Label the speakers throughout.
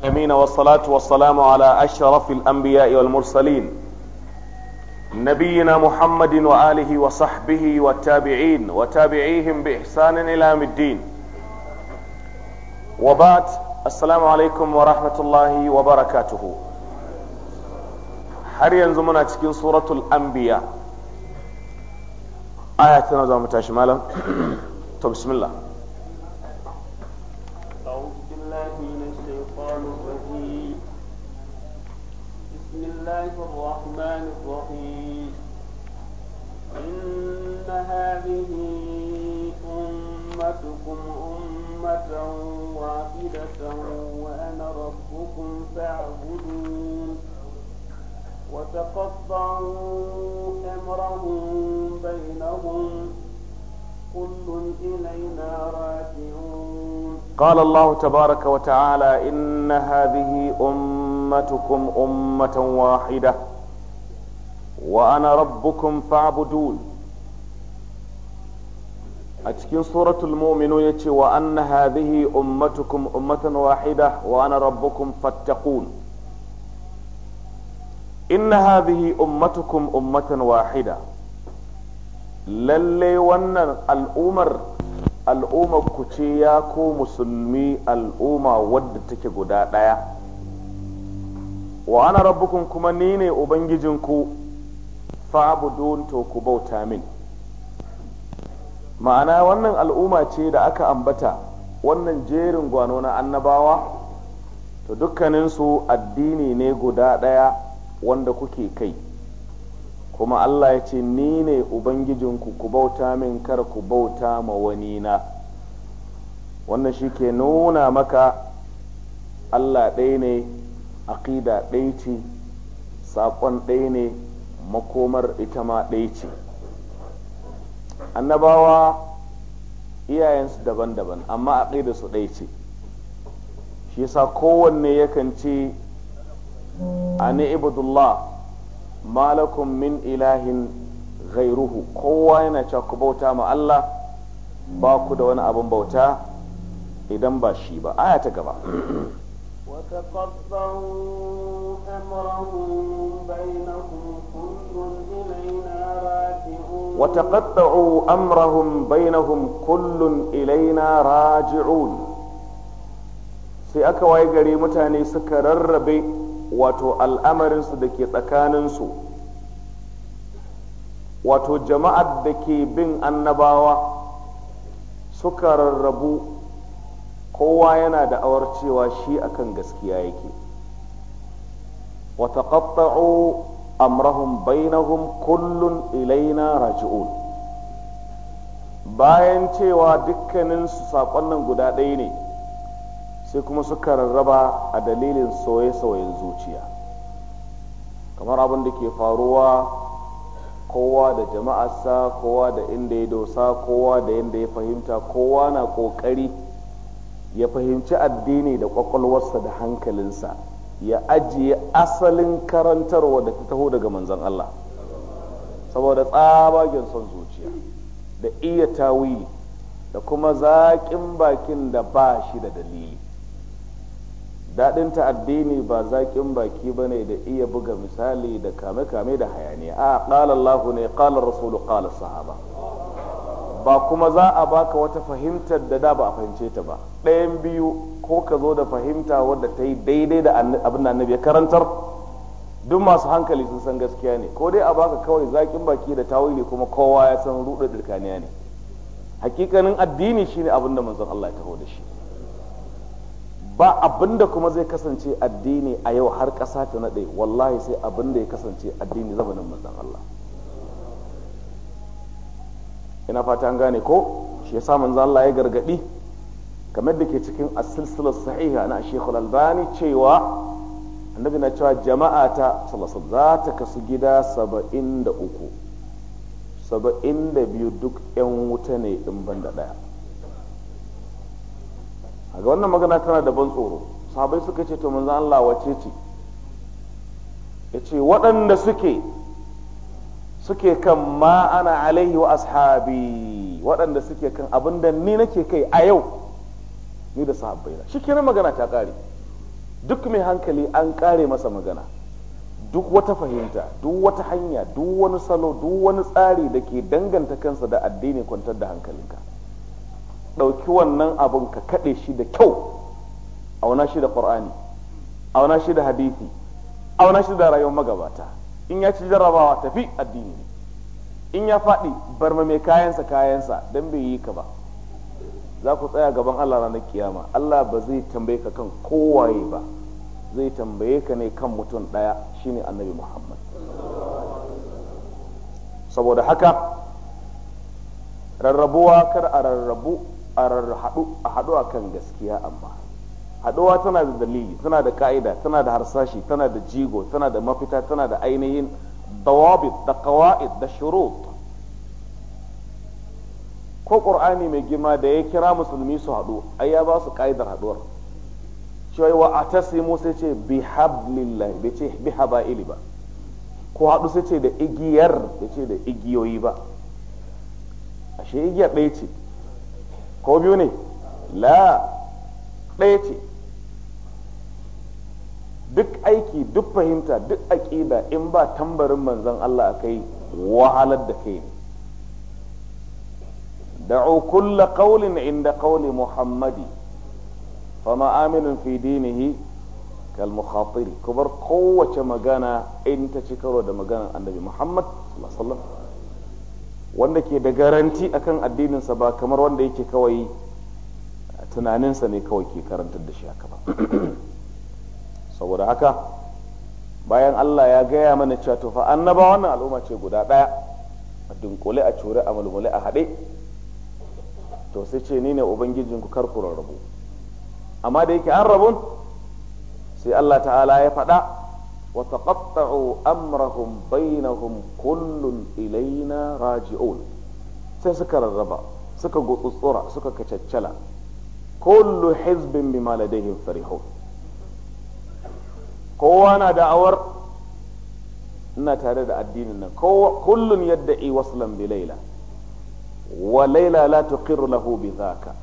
Speaker 1: العالمين والصلاة والسلام على أشرف الأنبياء والمرسلين نبينا محمد وآله وصحبه والتابعين وتابعيهم بإحسان إلى يوم الدين وبعد السلام عليكم ورحمة الله وبركاته حريا زمنا تكين سورة الأنبياء آياتنا زمنا تشمالا بسم الله
Speaker 2: الله الرحمن الرحيم إن هذه أمتكم أمة واحدة وأنا ربكم فاعبدون وتقطعوا أمرهم بينهم كل إلينا راجعون قال
Speaker 1: الله تبارك وتعالى إن هذه أمة أمتكم أمة واحدة وأنا ربكم فاعبدون أتكين سورة المؤمنون وأن هذه أمتكم أمة واحدة وأنا ربكم فاتقون إن هذه أمتكم أمة واحدة للي ون الأمر الأمة كتياكو مسلمي الأمة ود تكي wa ana rabbukum kuma ni ne ubangijinku fa'budun to ku bauta min ma'ana wannan al'umma ce da aka ambata wannan jerin gwano na annabawa to dukkaninsu addini ne guda ɗaya wanda kuke kai kuma Allah ya ce ni ne ubangijinku ku bauta min kar ku bauta ma wani na wannan shi ke nuna maka Allah ɗaya ne Aƙida ɗaya ce saƙon ɗaya ne makomar ita ma ɗaya ce annabawa iyayensu daban-daban amma aqida su ɗaya ce shi yasa kowanne yakan ce ani ibadullah malakum min ilahin gairuhu kowa yana cewa bauta ma Allah ba ku da wani abin bauta idan ba shi ba aya ta gaba
Speaker 2: وتقطعوا أمرهم بينهم كل إلينا راجعون
Speaker 1: وتقطعوا أمرهم بينهم كل إلينا راجعون sai aka waye gari mutane suka rarrabe wato al'amarinsu da ke tsakaninsu wato jama'ar da ke bin annabawa suka rarrabu kowa yana da awar cewa shi akan gaskiya yake wa taqatta'u amrahum bainahum kullun ilaina raju'u bayan cewa dukkanin su nan guda ɗaya ne sai kuma suka rarraba a dalilin soye-soyen zuciya kamar abin da ke faruwa kowa da jama'arsa kowa da inda ya dosa kowa da yadda ya fahimta kowa na ƙoƙari ya fahimci addini da kwakwalwarsa da hankalinsa ya ajiye asalin karantarwa da ta taho daga manzon Allah saboda tsabagen son zuciya da iya tawi da kuma zaƙin bakin da ba shi da dalili daɗinta addini ba zaƙin baki ba ne da iya buga misali da kame-kame da hayaniya a ƙalallahu ne ƙalar rasulu ƙalar sahaba ba kuma za a baka wata fahimtar da da ba a fahimce ta ba ɗayan biyu ko ka zo da fahimta wadda ta yi daidai da abin da annabi ya karantar duk masu hankali sun san gaskiya ne ko dai a baka kawai zakin baki da ne kuma kowa ya san ruɗa dirkaniya ne hakikanin addini shine abin da manzon Allah ya taho da shi ba abin da kuma zai kasance addini a yau har ƙasa ta naɗe wallahi sai abin da ya kasance addini zamanin manzon Allah ina fata an gane ko shi yasa manzo Allah ya gargadi kamar da ke cikin as-silsilah sahiha na Sheikh Al-Albani cewa annabi na cewa jama'a ta sallallahu za ta kasu gida 73 72 duk yan wuta ne in da daya a ga wannan magana tana da ban tsoro sahabbai suka ce to manzo Allah wace ce yace waɗanda suke suke kan ma ana alaihi wa ashabi waɗanda suke kan abin da ni nake kai a yau ni da na shi kenan magana ta ƙare duk mai hankali an ƙare masa magana duk wata fahimta duk wata hanya duk wani salo duk wani tsari da ke danganta kansa da addini kwantar da hankalinka ɗauki wannan abin ka kaɗe shi da kyau auna shi da ƙur'ani auna shi da hadithi auna shi da rayuwar magabata in ya ci jarrabawa tafi addini in ya faɗi bar ma mai kayansa kayansa don bai yi ka ba za ku tsaya gaban Allah ranar kiyama Allah ba zai tambaye ka kan kowaye ba zai tambaye ka ne kan mutum ɗaya shine annabi Muhammad saboda haka rarrabuwa kar a rarrabu a rarhaɗu a haɗu a kan gaskiya amma haɗuwa tana da dalili tana da ka'ida tana da harsashi tana da jigo tana da mafita tana da ainihin dawabit da qawaid da shurut ko ƙur'ani mai girma da ya kira musulmi su haɗu ai ya ba su ka'idar haɗuwar cewa wa ta sai ce bi hablillah bai ce bi haba'ili ba ko haɗu sai ce da igiyar bai ce da igiyoyi ba ashe igiyar ɗaya ce ko biyu ne la ɗaya ce duk aiki duk fahimta duk aƙida in ba tambarin manzon Allah akai wahalar da kai ne da'u kulla qawlin inda qawli muhammadi fa ma'aminin fi dinihi kal ku kowace magana in ta ci karo da maganar annabi muhammad sallallahu wanda ke da garanti akan addininsa ba kamar wanda yake kawai tunaninsa ne kawai ke karantar da shi haka ba saboda haka bayan Allah ya gaya mana cewa to fa annaba wannan al'umma ce guda ɗaya a dunkule a cure a mulmule a haɗe to sai ce ni ne ubangijinku kar ku rabu amma da yake an rabun sai Allah ta'ala ya faɗa wa taqatta'u amrahum bainahum kullun ilaina raji'un sai suka rarraba suka gutsutsura suka kacaccala kullu hizbin bima ladayhim farihun kowa na da'awar ina tare da addinin nan yadda i waslan bi laila wa laila la tuqirru lahu bi dhaka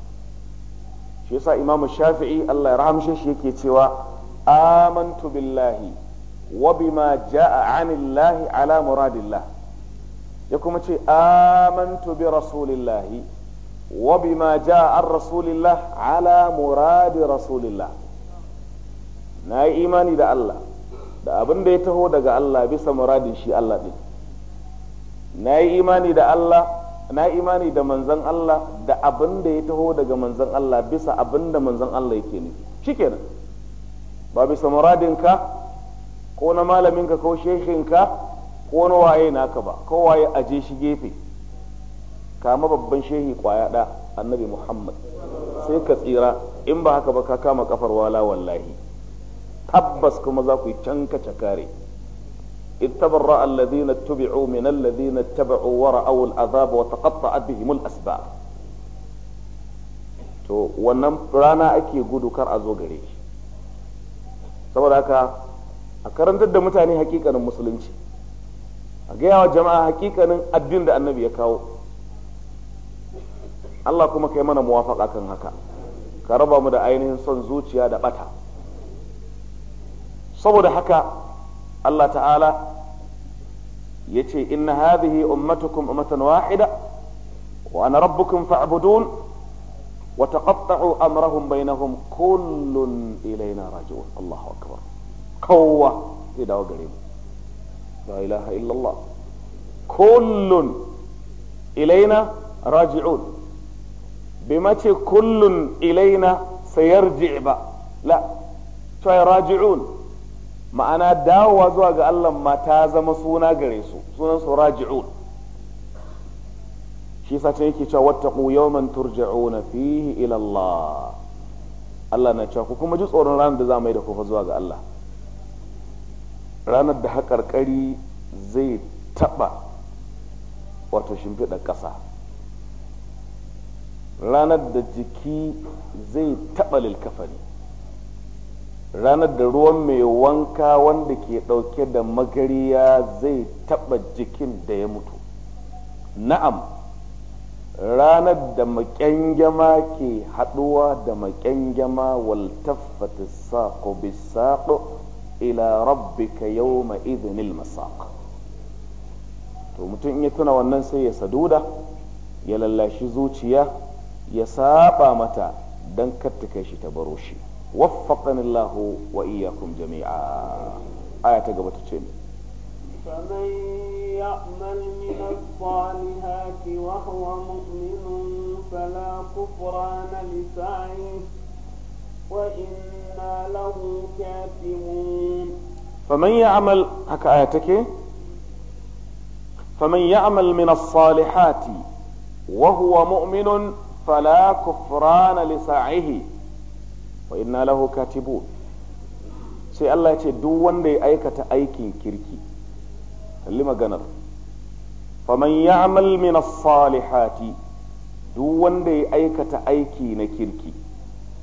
Speaker 1: shi yasa imam shafi'i Allah ya rahamshe shi yake cewa amantu billahi wa bima ja'a anillahi ala muradillah ya kuma ce amantu bi rasulillahi wa bima ja'a an rasulillah ala muradi rasulillah na yi imani da Allah da abin da ya taho daga Allah bisa muradin shi Allah ɗin na yi imani da Allah na yi imani da manzan Allah da abin da ya taho daga manzan Allah bisa abin da manzan Allah yake nufi shikenan ba bisa muradinka ko na malaminka ko shehinka ko na waye naka ba ko waye aje shi gefe kama babban shehi kwaya da annabi Muhammad sai ka tsira in ba haka ba ka kama kafar wala wallahi tabbas kuma za ku yi canka cakare ittabarra alladhina tubi'u min alladhina ittaba'u wa ra'aw al'azab wa taqatta'a bihim al'asbab to wannan rana ake gudu kar a zo gare shi saboda haka a karantar da mutane hakikanin musulunci a gaya wa jama'a hakikanin addin da annabi ya kawo Allah kuma kai mana muwafaka kan haka ka raba mu da ainihin son zuciya da bata saboda haka Allah ta'ala ya ce inna hadhihi ummatukum ummatan wahida wa ana rabbukum fa'budun wa taqatta'u amrahum bainahum kullun ilaina raji'un Allahu akbar kowa zai dawo gare mu la ilaha illallah kullun ilaina raji'un bai mace kullun ilaina sayarji ba la raji'un ma'ana dawowa zuwa ga Allah ma ta zama suna gare su sunan su raji'un shi sa ta yake cewa wattaqu yawman turja'una fihi ila Allah Allah na cewa ku kuma ji tsoron ranar da za mu yi da ku zuwa ga Allah ranar da haƙarƙari zai taɓa wato shimfiɗa ƙasa ranar da jiki zai taɓa lilkafani ranar da ruwan mai wanka wanda ke ɗauke da magariya zai taɓa jikin da ya mutu na'am ranar da maƙyangyama ke haɗuwa da maƙyangyama waltaffata saƙo bisaƙo ila rabbika yawma izinin masaq to mutum in ya tuna wannan sai ya saduda ya lallashi zuciya ya saba mata don kai shi ta baro shi وفقني الله وإياكم جميعا آية قبل تشين
Speaker 2: فمن يعمل من الصالحات وهو مؤمن فلا كفران لسعيه وإنا له كاتبون
Speaker 1: فمن يعمل هكا آيتك فمن يعمل من الصالحات وهو مؤمن فلا كفران لسعيه wa inna lahu sai Allah ya ce duk wanda ya aikata aikin kirki kalli maganar faman ya'mal min as-salihati duk wanda ya aikata aiki na kirki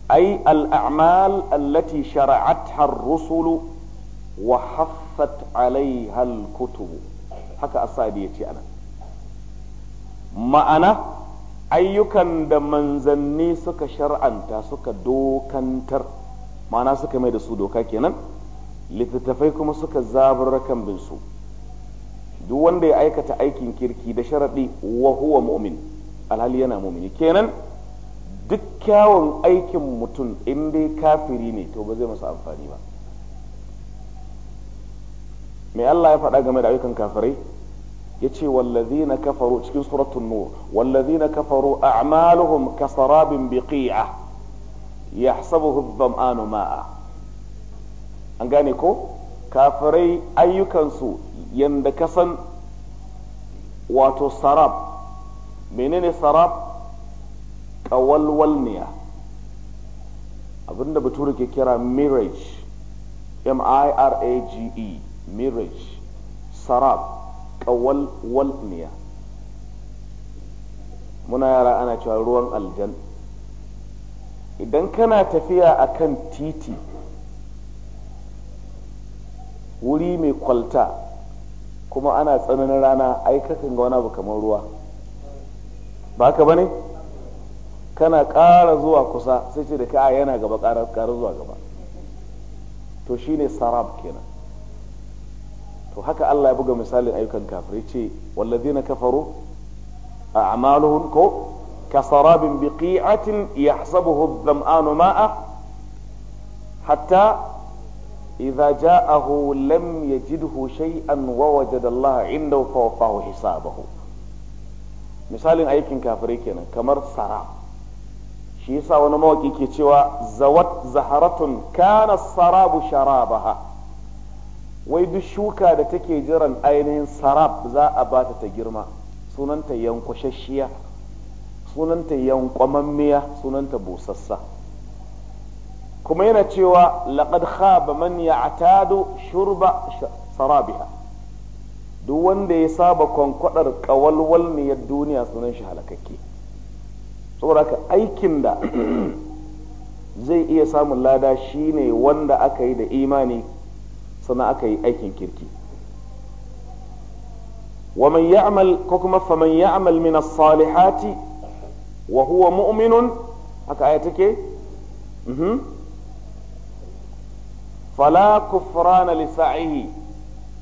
Speaker 1: ai al-a'mal allati shara'atha ar-rusul wa haffat 'alayha al-kutub haka asadi yace anan ma'ana ayyukan da manzanni suka shar'anta suka dokantar ma'ana suka mai da su doka kenan littattafai kuma suka zabar kan bin su duk wanda ya aikata aikin kirki da sharaɗi wa huwa mu'min alhali yana mu'mini kenan duk kyawun aikin mutum in dai kafiri ne to ba zai masa amfani ba me Allah ya faɗa game da ayyukan kafirai yace wallazina kafaru cikin suratul nur wallazina kafaru a'maluhum kasarabin biqi'a yahsabuhu adh-dhama'anu ma'a an gane ko kafirai ayyukansu yanda kasan wato sarab menene sarab kawalwalniya abinda bature ke kira mirage m-i-r-a-g-e mirage sarab wal niya muna yara ana cewa ruwan aljan idan kana tafiya a kan titi wuri mai kwalta kuma ana tsananin rana ai kakan ga wani abu kamar ruwa ba ka ba kana ƙara zuwa kusa sai ce da ka yana gaba ƙara zuwa gaba to shine sarab kenan to haka Allah ya buga misalin ayyukan kafirai ce wallazina kafaru a'maluhum ko kasarabin biqi'atin yahsabuhu adh-dham'anu ma'a hatta idza ja'ahu lam yajidhu shay'an wa wajada Allah 'indahu fawaffahu hisabahu misalin aikin kafirai kenan kamar sara shi yasa wani mawaki ke cewa zawat zaharatun kana sarabu sharabaha wai duk shuka da take jiran ainihin sarab za a bata ta girma sunanta yankwashashshiya sunanta yankwamammiya sunanta busassa kuma yana cewa laqad khaba man ya'tadu shurba sarabiha duk wanda ya saba kwankwadar ya duniya sunan shi halakakke saboda aikin da zai iya samun lada shine wanda aka yi da imani sannan aka yi aikin kirki wa man ya'mal ko kuma fa man ya'mal min as-salihati wa huwa mu'minun haka aya take mhm fala kufrana li sa'ihi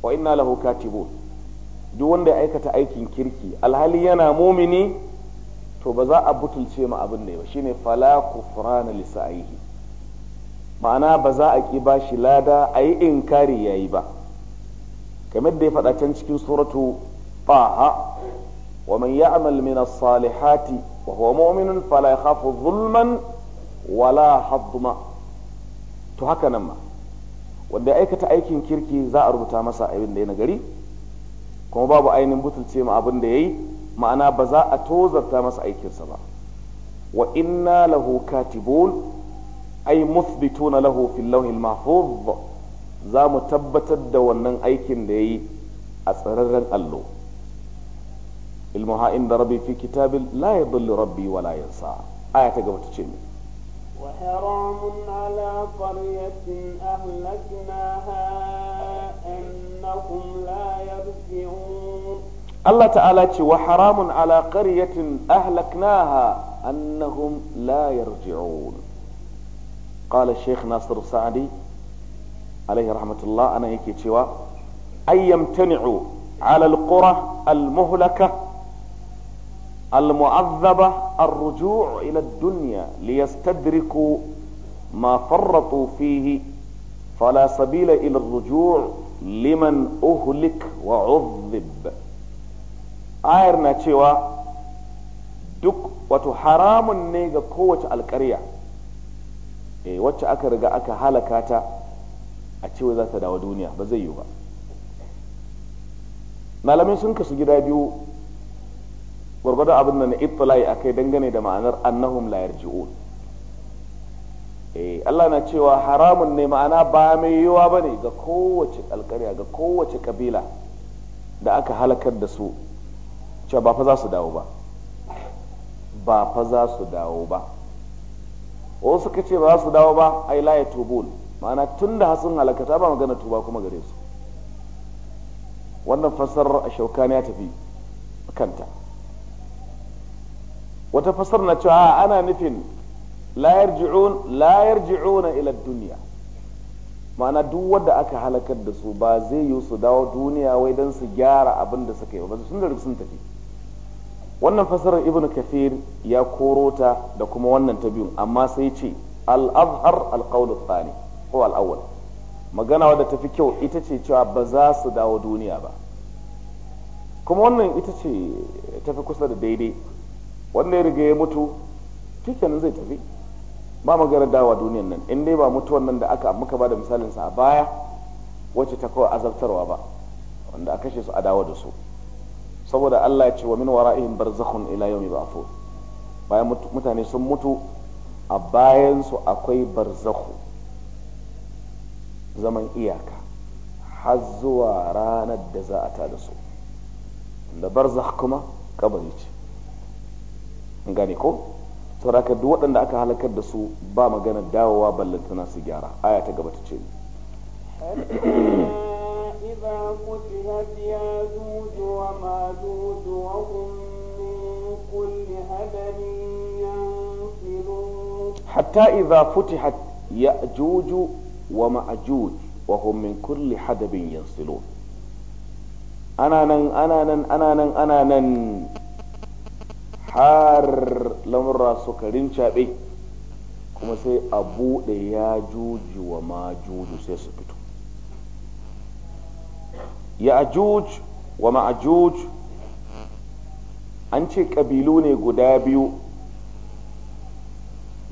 Speaker 1: wa inna lahu katibun duk wanda ya aikata aikin kirki alhali yana mumini to ba za a butulce ma abin da ya ba shine fala kufrana li sa'ihi ma'ana ba za a ƙi ba shi lada a yi inkari ya yi ba kamar da ya faɗa can cikin suratu faha wa man ya'mal min as-salihati wa huwa mu'minun fala yakhafu zulman wala hadma to haka nan ma wanda aikata aikin kirki za a rubuta masa abin da ya nagari kuma babu ainihin butulce ma abin da yayi ma'ana ba za a tozarta masa aikinsa ba wa inna lahu katibun ai muthbituna lahu fil lawhil mahfuz za mu tabbatar da wannan aikin da yayi a tsararren allo ilmuha inda rabbi fi kitabil la yadhillu rabbi wa la yansa aya ta gaba ta
Speaker 2: وحرام على قرية أهلكناها أنهم لا يرجعون
Speaker 1: الله تعالى وحرام على قرية أهلكناها أنهم لا يرجعون qala sheikh nasiru sa'adi alaihi rahmatullah ana yake cewa ayyamtani'u ala alqura almuhlaka المعذبة الرجوع إلى الدنيا ليستدركوا ما فرطوا فيه فلا سبيل إلى الرجوع liman uhlik wa uzzib ayar na cewa duk wato haramun ne ga kowace alƙarya eh wacce aka riga aka halaka ta a cewa za ta dawo duniya ba zai yi ba malamai sun kasu gida biyu gwargwadon abin da na a kai dangane da ma'anar annahum la yarji'un eh Allah na cewa haramun ne ma'ana ba mai yiwa ne ga kowace alƙarya ga kowace kabila da aka halakar da su cewa ba fa za su dawo ba ba fa za su dawo ba wasu suka ce ba su dawo ba ai la yatubun ma'ana tunda sun halakata ba magana tuba kuma gare su wannan fasar a ne ya tafi kanta wata fasar na cewa ana nufin la yarji'una ila duniya ma'ana duk wanda aka halakar da su ba zai yi su dawo duniya wai don su gyara abin da suka yi ba sun da sun tafi wannan fasarar ibn kafir ya koro ta da kuma wannan ta biyun amma sai ce al-azhar al-qawl ko al-awwal magana wadda ta fi kyau ita ce cewa ba za su dawo duniya ba kuma wannan ita ce ta fi kusa da daidai wanda ya riga ya mutu kikenan zai tafi ba magana dawa duniyan nan in dai ba mutuwan nan da aka muka ba da misalinsa a baya wacce ta kawai azabtarwa ba wanda a kashe su a dawo da su saboda Allah ya ce wa min wara'ihim barzakhun ila yawmi ba'thu bayan mutane sun mutu a bayan su akwai barzakhu zaman iyaka har zuwa ranar da za a tada su da barzakh kuma kabari ce gane ko saboda duk waɗanda aka halakar da su ba magana dawowa ballantana su gyara aya ta gaba ta ce
Speaker 2: وإذا فتحت ياجوج وماجوج وهم من كل هدب ينفلون حتى إذا
Speaker 1: فتحت يأجوج ومأجوج وهم من كل حدب ينسلون أنا نن أنا نن أنا نن أنا نن har lamurra suka rincaɓe kuma sai a buɗe ya juju wa ma juju sai su ya'juj wa ma'juj an ce ƙabilu ne guda biyu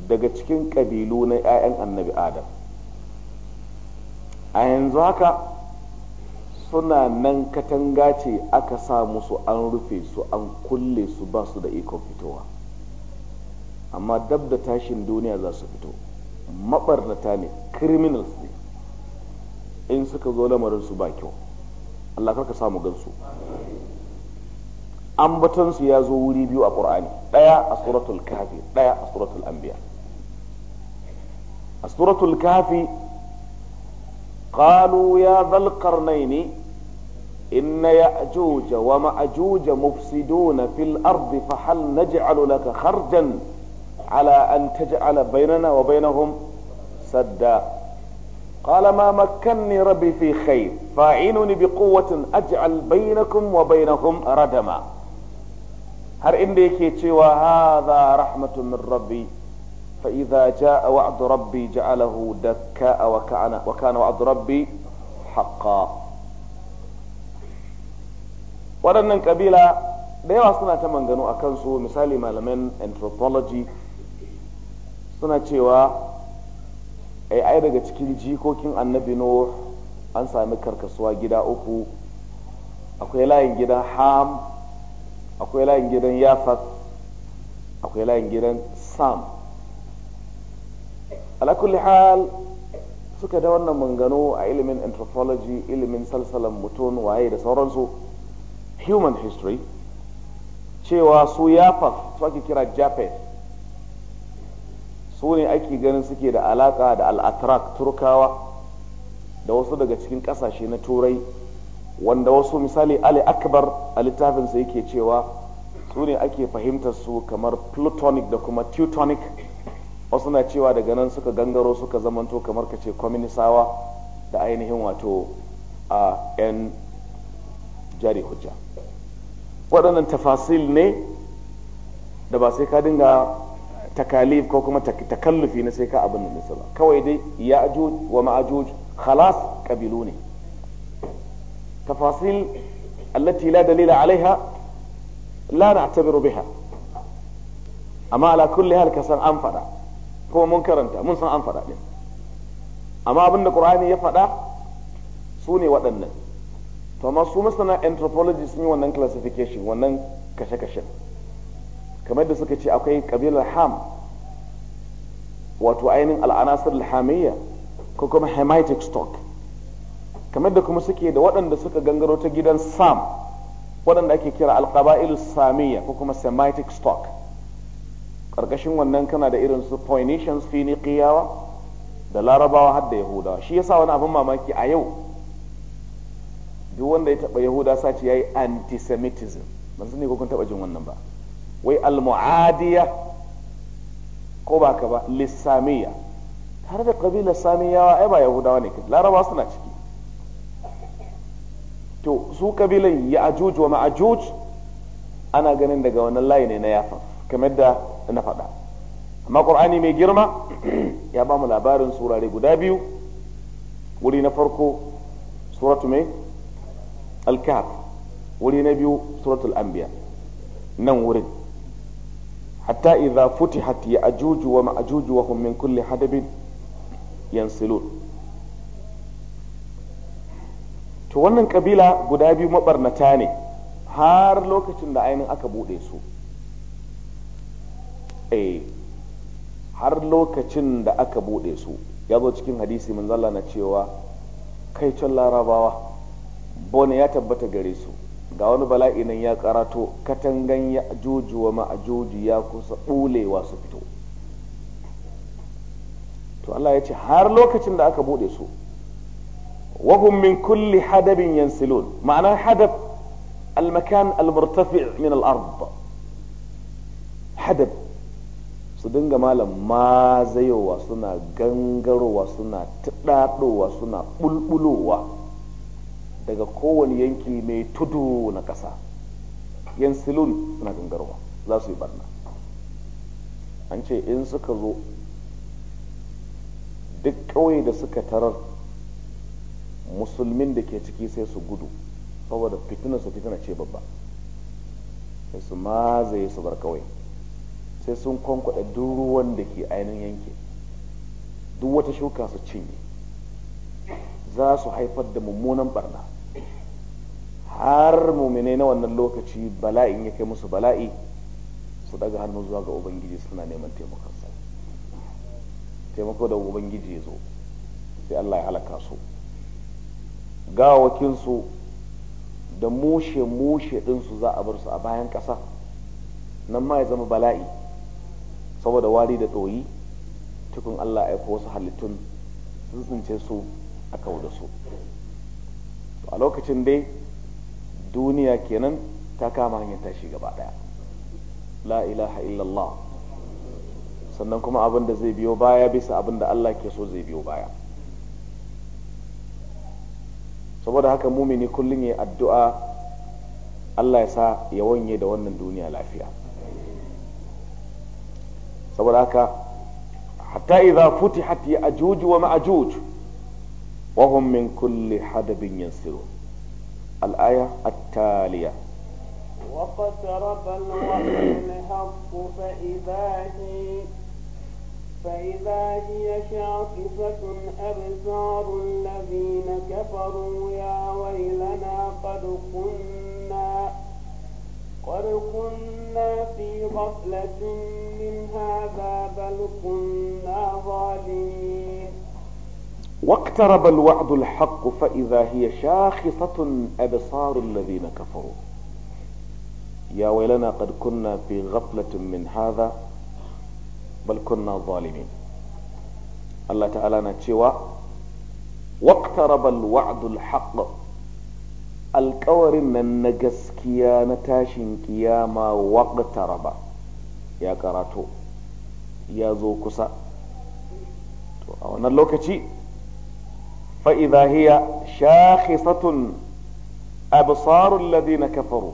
Speaker 1: daga cikin ƙabilu na 'ya'yan annabi adam a yanzu haka suna nan katanga ce aka sa musu an rufe su an kulle su ba su da ikon fitowa amma dab da tashin duniya za su fito maɓarnata ne criminals ne in suka zo lamarin su ba kyau Allah karka samu gansu batansu ya zo wuri biyu a ƙur'ani ɗaya a suratul kafi ɗaya a anbiya a kafi qalu ya zalƙarnai ne inna ya ajuja wa ma'ajuja mufsiduna fil ardi fa hal naj'alu laka harjan ala an taj'ala bainana wa bainahum sadda قال ما مكنني ربي في خير فاعينني بقوة اجعل بينكم وبينهم ردما هر اندي كيتشي هذا رحمة من ربي فاذا جاء وعد ربي جعله دكاء وكان, وكان وعد ربي حقا waɗannan ƙabila da yawa suna ta mangano a kansu misali malaman anthropology suna cewa ai eh, ai daga cikin jikokin annabi nuh an sami karkasuwa gida uku akwai layin gidan ham akwai layin gidan yafat akwai layin gidan sam ala kulli hal suka da wannan mangano a ilimin anthropology ilimin salsalan mutum waye da sauransu human history cewa su yafat su ake kira japeth su ne ake ganin suke da alaka da al'atrak turkawa da wasu daga cikin kasashe na turai wanda wasu misali ali akbar a littafinsa yake cewa su ne ake fahimtar su kamar plutonic da kuma teutonic wasu na cewa daga nan suka gangaro suka zamanto kamar ka ce kwaminisawa da ainihin wato a 'yan jari hujja waɗannan tafasil ne da ba sai ka dinga takalif ko kuma takallufi na sai ka abin da nan ba kawai dai ya ya'juj wa ma'ajuj khalas kabilu ne tafasil allati la dalila alaiha la na'tabiru biha amma ala kulli hal ka san an fada ko mun karanta mun san an fada din amma abin da qur'ani ya fada su ne waɗannan to amma su masana anthropology sun yi wannan classification wannan kashe-kashen kamar da suka ce akwai kabilar ham wato ainihin al'anasar alhamiyya ko kuma hematic stock kamar da kuma suke da waɗanda suka gangaro ta gidan sam waɗanda ake kira alƙaba'il samiyya ko kuma semitic stock ƙarƙashin wannan kana da irin su phoenicians finiqiyawa da larabawa har da yahudawa shi yasa wani abin mamaki a yau duk wanda ya taɓa yahuda sace ya yi antisemitism ban ne ko kun taɓa jin wannan ba wai almu'adiya ko ba ka ba lissamiya tare da kabilar samiyawa ai ba yahudawa ne laraba suna ciki to su kabilan ya'juj wa ajuju ana ganin daga wannan layi ne na yafa kamar da na faɗa amma ƙur'ani mai girma ya ba mu labarin surare guda biyu wuri na farko suratu mai al-kahf wuri na biyu suratul anbiya nan wurin hatta إذا فتحت يأجوج ومأجوج وهم من كل حدب ينسلون hadabin to wannan kabila guda biyu mabarnata ne har lokacin da ainihin aka bude su eh har lokacin da aka buɗe su ya zo cikin hadisi zalla na cewa kai can larabawa bone ya tabbata gare su ga wani bala'i nan ya karato katangan ya wa ma'ajoji ya kusa bulewa su fito to Allah ya ce har lokacin da aka bude su wahum min kulli hadabin yansilun ma'anar hadab almakan almurtafi min al hadab su dinga malam mazayowa suna gangarowa suna tudadowa suna bulbulowa daga kowane yanki mai tudu na ƙasa yan silun suna gangarwa za su yi barna an ce in suka zo duk ƙauye da suka tarar musulmin da ke ciki sai su gudu saboda fitina su fitina ce babba sai su mazaye su bar kawai sai sun kwankwada duk ruwan da ke ainihin yanki duk wata shuka su cinye za su haifar da mummunan barna har mumine na wannan lokaci bala'in ya kai musu bala'i su daga hannu zuwa ga ubangiji suna neman taimakon sa taimako da ubangiji ya zo sai allah ya halaka su gawakinsu da mushe-mushe din su za a bar su a bayan ƙasa nan ma ya zama bala'i saboda wari da ɗoyi tukun allah ya aiko wasu halittun sun su a kawo da su a lokacin dai duniya kenan ta kama hanyar tashi gaba daya la ilaha illallah sannan kuma abin da zai biyo baya bisa abin da Allah ke so zai biyo baya saboda haka mumini kullum ya addu'a Allah ya sa ya wanye da wannan duniya lafiya saboda haka hatta idza futihat ya ajuj wa ma'ajuj wa hum min kulli hadabin yansirun الآية التالية
Speaker 2: واقترب الوعد الحق فإذا هي فإذا هي شاخصة أبصار الذين كفروا يا ويلنا قد كنا قد كنا في غفلة من هذا بل كنا ظالمين
Speaker 1: واقترب الوعد الحق فإذا هي شاخصة أبصار الذين كفروا يا ويلنا قد كنا في غفلة من هذا بل كنا ظالمين الله تعالى نتشوى واقترب الوعد الحق الكورن النجس كيانة تاشن كياما واقترب يا كراتو يا ذو كسا a wannan lokaci فإذا هي شاخصة أبصار الذين كفروا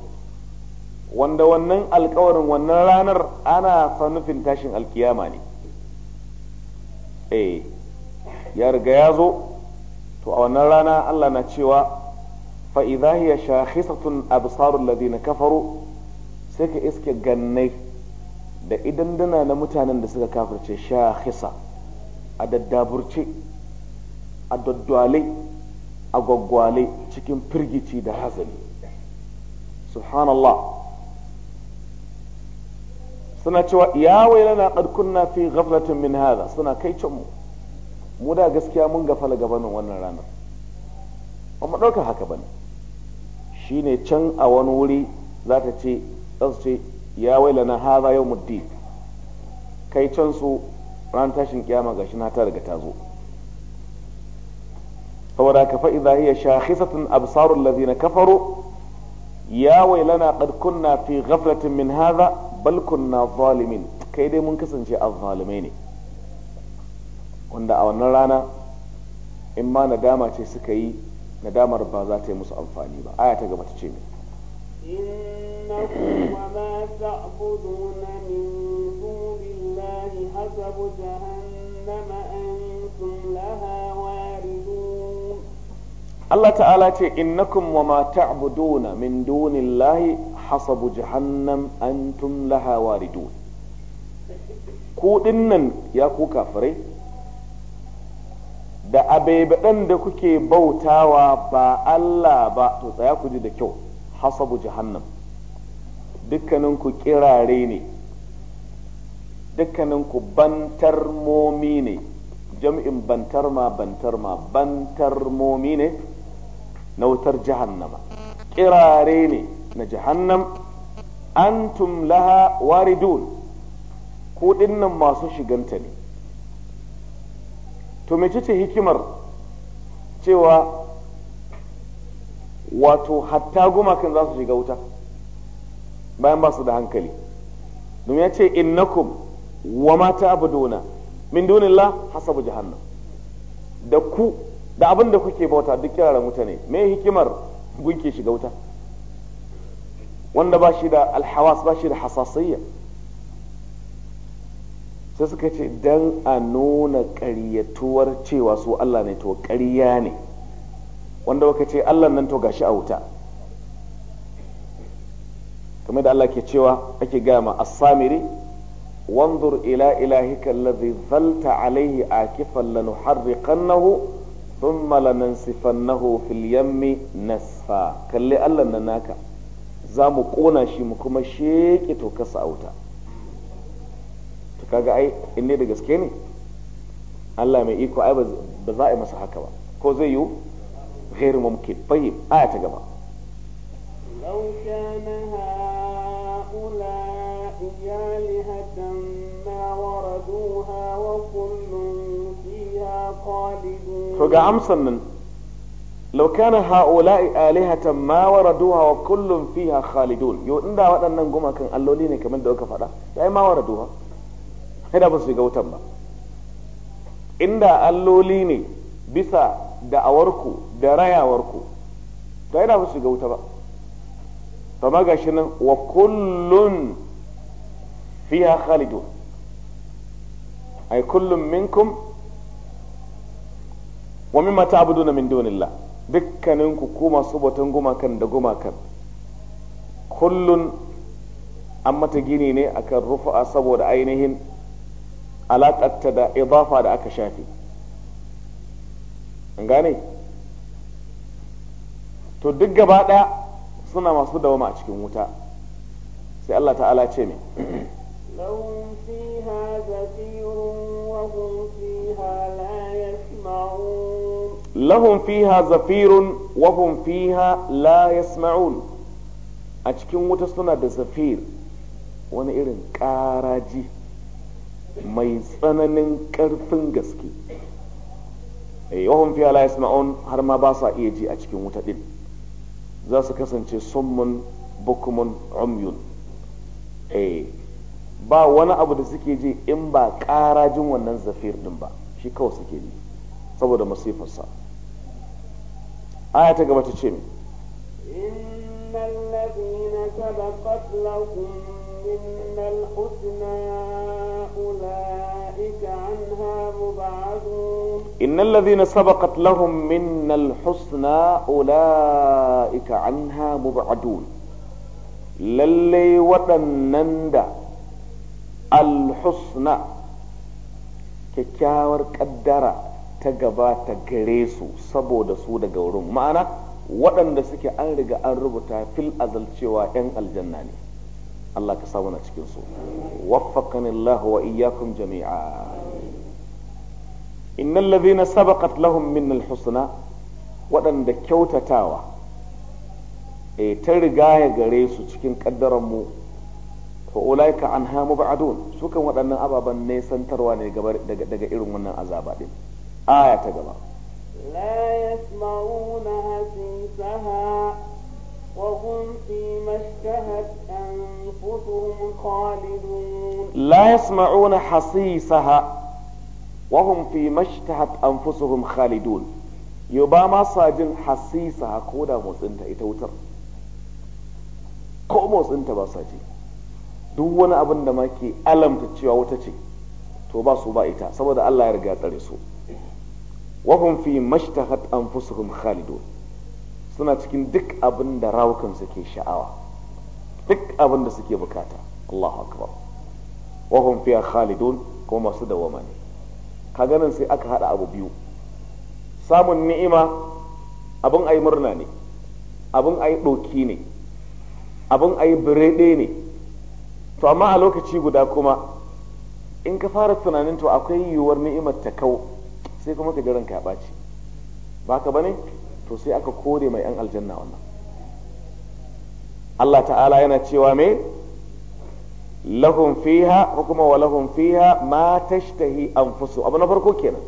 Speaker 1: wanda wannan alkawarin wannan ranar ana sanufin tashin alkiyama ne e ya riga ya zo to a wannan rana Allah na cewa fa'iza hiya shakhisatun absarul ladina kafaru sai ka iske gannai da idanduna na mutanen da suka kafirce shakhisa a daddaburce a daddwale a gwaggwale cikin firgici da hazali subhanallah suna cewa ya wailana qad kunna fi ghaflatin min hadha suna kai can mu mu da gaskiya mun gafala gabanin wannan ranar amma ɗauka haka bane shine can a wani wuri za ta ce za su ce ya wailana hadha yawmuddin kai can su ran tashin kiyama gashi na ta riga ta zo saboda ka fa sha hiya shakhisatun absarul ladina kafaru ya wailana qad kunna fi ghaflatin min haza bal kunna zalimin kai dai mun kasance azzalimai ne wanda a wannan rana in ma nadama ce suka yi nadamar ba za ta yi musu amfani ba aya ta gaba ta ce na Allah ta'ala ce innakum wa ma ta'buduna min dunillahi hasabu jahannam antum laha waridun ku dinnan ya ku kafirai da abebaɗen da kuke bautawa ba Allah ba to tsaya ku ji da kyau hasabu jahannam dukkanin ku kirare ne dukkanin ku bantar momi ne jam'in bantar ma bantar ma bantar momi ne na wutar jahannama kirare ne na jahannam antum laha waridun ku dinnan masu shiganta ne to mecece hikimar cewa wato hatta gumakan za su shiga wuta bayan ba su da hankali domin ya ce innakum wa mata abuduna min la hasabu jahannam da ku da abin da kuke bauta duk kiraran mutane ne me hikimar gunke shiga wuta wanda ba shi da alhawas ba shi da hasasayya sai suka ce dan a nuna ƙaryatuwar cewa su Allah ne to ƙarya ne wanda baka ce Allah nan to gashi a wuta kamar da Allah ke cewa ake gama as-samiri wanzur ila ilahika alladhi zalta alaihi akifan lanuharriqannahu thumma lanansifannahu fil yammi sa kalli Allah na naka za mu kona shi mu kuma sheke to kasa auta to kaga ai in ne da gaske ne Allah mai iko ai ba za a yi masa haka ba ko zai yi غير ممكن طيب ta gaba.
Speaker 2: لو كان هؤلاء آلهة ما وردوها وكل فيها خالدون فقع
Speaker 1: أمسا لو كان هؤلاء آلهة ما وردوها وكل فيها خالدون يو إن دا waɗannan gumakan alloli ne kamar da kuka faɗa yayi ma waraduha ina ba su shiga wutan ba inda alloli ne bisa da'awarku da rayawarku to ina ba su shiga wuta ba to ma gashi nan wa kullun fiha khalidun ay kullun minkum wa mimma ta'buduna min dunillah dukkaninku kuma masu gumakan da gumakan kullun an mata gini ne akan rufa saboda ainihin alaƙarta da idafa da aka shafi an gane to duk gaba ɗaya suna masu dawama a cikin wuta sai Allah ta'ala ce mai
Speaker 2: lahum fiha zafirun wahun hum
Speaker 1: fiha la yasma'un a cikin wuta suna da zafir wani irin ƙaraji mai tsananin ƙarfin gaske eh, wahun fiya la yasma'un har ma ba sa iya ji a cikin wuta ɗin. za su kasance summun bukumun umyun eh ba wani abu da suke ji in ba jin wannan zafir din ba shi kawai suke ji saboda masifarsa aya ta gaba ta ce min
Speaker 2: لهن الحسنى أولئك عنها مبعدون
Speaker 1: إن الذين سبقت لهم منا الحسنى أولئك عنها مبعدون للي وتنند الحسنى kyakkyawar kaddara ta gabata gare su saboda su daga wurin ma'ana waɗanda suke an riga an rubuta fil azal cewa 'yan aljanna ne Allah ka samu na cikin su waffaqani Allah wa iyyakum jami'a innal ladhina sabaqat lahum minnal husna waɗanda kyautatawa e ta rigaya gare su cikin kaddaran mu to ulaika anha mub'adun su kan waɗannan ababan nesantarwa ne daga irin wannan azaba din aya ta gaba
Speaker 2: la yasma'una hasisaha وهم فيما اشتهت أنفسهم خالدون
Speaker 1: لا يسمعون حصيصها وهم فيما اشتهت أنفسهم خالدون يبا ما ساجن حصيصها كودا موسنت إتوتر ko motsinta ba sa duk wani abin da ma ke alamta cewa wata ce to ba su ba ita saboda Allah ya riga tsare su wahum fi mashtahat anfusuhum khalidun suna cikin duk abin da rawukan suke sha'awa duk abin da suke bukata Allahu akbar wa hum khalidun kuma masu dawama ne ka ganin sai aka hada abu biyu samun ni'ima abin ayi murna ne abin ayi doki ne abin ayi birede ne to amma a lokaci guda kuma in ka fara tunanin to akwai yiwuwar ni'imar ta kau sai kuma ka ga ranka ya ɓaci ba ka bane to sai aka kore mai yan aljanna wannan Allah ta'ala yana cewa me lahum fiha hukuma kuma wa lahum fiha ma tashtahi anfusu abu na farko kenan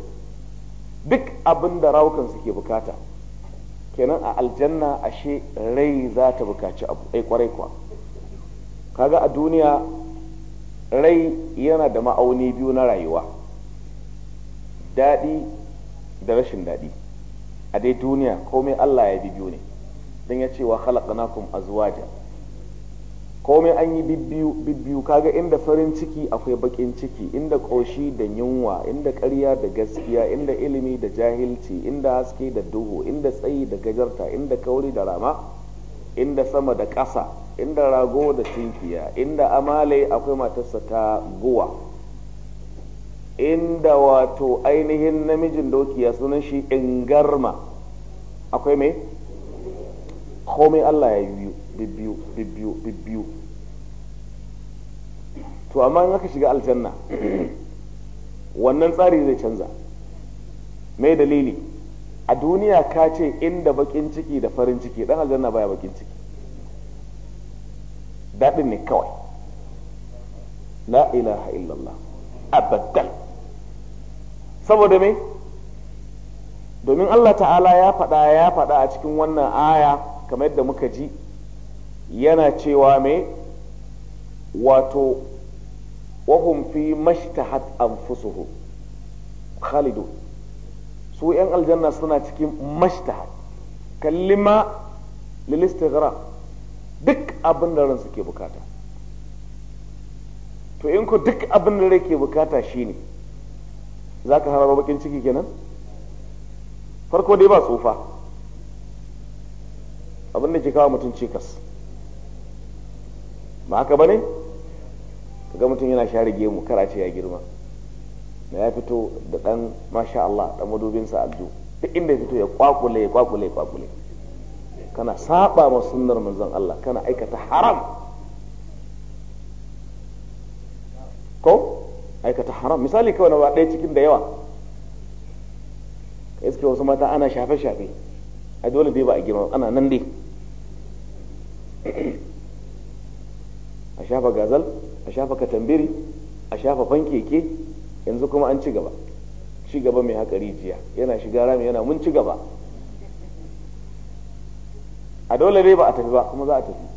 Speaker 1: duk abin da rawukan suke bukata kenan a aljanna ashe rai za ta bukaci abu ai kwarai kwa kaga a duniya rai yana da ma'auni biyu na rayuwa daɗi da rashin daɗi a dai duniya komai Allah ya bibiyo ne don ya ce wa khalaqnakum azwaja komai an yi bibbiyu bibbiyu kaga inda farin ciki akwai bakin ciki inda ƙoshi da yunwa inda ƙarya da gaskiya inda ilimi da jahilci inda haske da duhu inda tsayi da gajarta inda kauri da rama inda sama da ƙasa inda rago da tinkiya inda amale akwai matarsa ta guwa inda wato ainihin namijin ya sunan shi ingarma akwai mai komai Allah ya yi biyu biyu biyu to amma in aka shiga aljanna wannan tsari zai canza mai dalili a duniya ka ce inda bakin ciki da farin ciki dan aljanna baya bakin ciki daɗin ne kawai la ilaha illallah abadan saboda me domin Allah ta'ala ya faɗa ya faɗa a cikin wannan aya kamar yadda muka ji yana cewa me wato wahum fi mashtahat anfusuhu khalidu su 'yan aljanna suna cikin mashtahat kallima lilistighra duk abin da ransu ke bukata to in ku duk abin da rai ke bukata shine za ka hararo bakin ciki kenan farko dai ba tsufa abin da ke kawo mutum cikas ba haka ba ne ga mutum yana share gemu kara ce ya girma da ya fito da dan masha Allah dan madubinsa aljo duk inda ya fito ya kwakule ya kwakule ya kwakule kana saba ma sunnar manzon Allah kana aikata haram aikata haram misali kawai na ɗaya cikin da yawa kai suke wasu mata ana shafe-shafe a dole dai ba a girma ana nan dai a shafa gazal a shafa katambiri a shafa fankeke yanzu kuma an ci gaba ci gaba mai haka rijiya yana shiga rami yana mun ci gaba a dole dai ba a tafi ba kuma za a tafi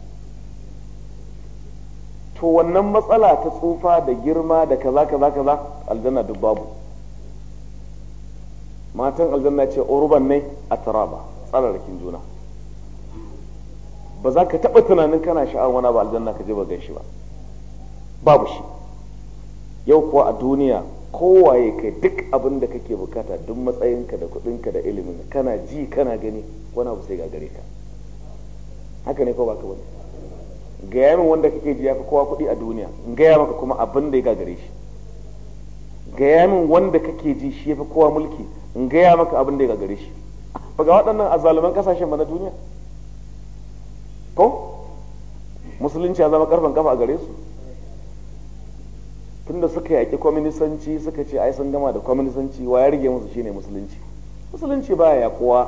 Speaker 1: to wannan matsala ta tsufa da girma da kaza kaza kaza aljanna duk babu matan aljanna ce urban ne a taraba tsararrakin juna ba za ka taɓa tunanin kana sha'awar wani ba aljanna ka je ba gan shi ba babu shi yau kuwa a duniya kowaye kai duk abin da kake bukata duk matsayinka da kudinka da ilimin kana ji kana gani wani abu sai ga gare ka haka ne ko ba ka wani gaya min wanda kake ji yafi kowa kuɗi a duniya in gaya maka kuma abin da ya gagare shi gaya min wanda kake ji shi yafi kowa mulki in gaya maka abin da ya gagare shi ba ga waɗannan azzaluman kasashen ba na duniya ko musulunci ya zama ƙarfin kafa a gare su tunda suka yaƙi kwaminisanci suka ce ai sun gama da kwaminisanci wa ya rige musu shine musulunci musulunci ba ya yaƙuwa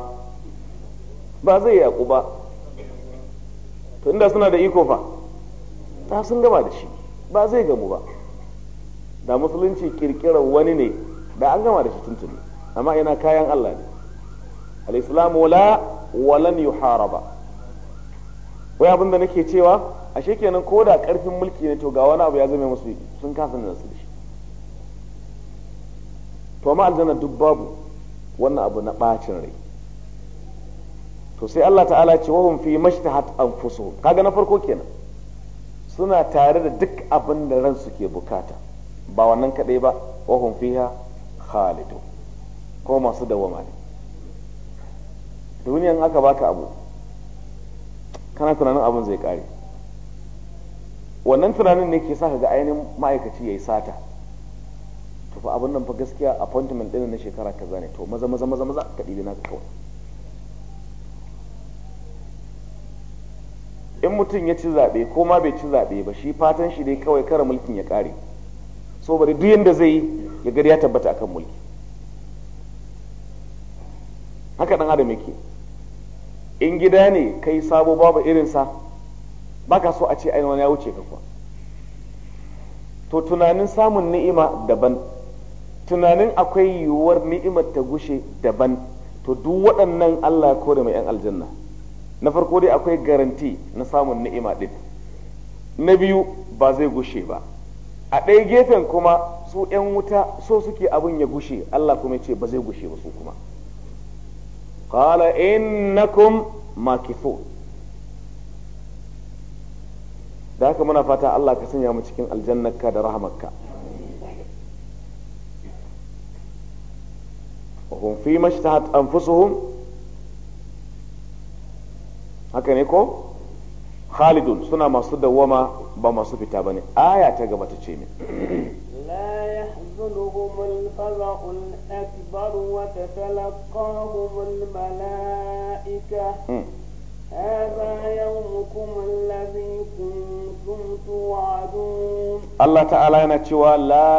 Speaker 1: ba zai yaƙu ba tunda suna da iko fa ta sun gama da shi ba zai gamu ba da musulunci kirkirar wani ne da an gama da shi tuntuni amma ina kayan Allah ne al-islamu la walan yuharaba wai abin da nake cewa ashe kenan ko da karfin mulki ne to ga wani abu ya zama musu sun kasa da su shi to amma aljanna duk babu wannan abu na bacin rai to sai Allah ta'ala ce wahum fi mashtahat anfusuhum kaga na farko kenan suna tare da duk abin da ransu ke bukata ba wannan kadai ba wahum fiha khalidu ko masu dawama ne duniyan aka baka abu kana tunanin abin zai kare wannan tunanin ne ke sa ka ga ainihin ma'aikaci yayi sata to fa abin nan fa gaskiya appointment din na shekara kaza ne to maza maza maza maza ka dibi naka kawai in mutum ya ci zaɓe ko ma bai ci zaɓe ba shi fatan shi dai kawai kara mulkin ya ƙare so bari duk yadda zai yi ya gari ya tabbata akan mulki haka ɗan adam yake in gida ne kai sabo babu irinsa baka so a ce ainihin wani ya wuce ka to tunanin samun ni'ima daban tunanin akwai yiwuwar ni'imar ta gushe daban to duk waɗannan Allah ya kore mai 'yan aljanna na farko dai akwai garanti na samun ni'ima din na biyu ba zai gushe ba a ɗaya gefen kuma su 'yan wuta so suke abin ya gushe Allah kuma ce ba zai gushe ba su kuma qala innakum makifun da haka muna fata Allah ka sanya mu cikin aljannarka da rahamarka وهم ta اشتهت anfusuhum haka ne ko khalidun suna masu dawwama ba masu fita bane aya ta gaba ta ce min
Speaker 2: la yahzunuhum al-faza'u al-akbar wa tatalaqahum al-mala'ika هذا يومكم الذي كنتم توعدون الله تعالى
Speaker 1: نتشوى لا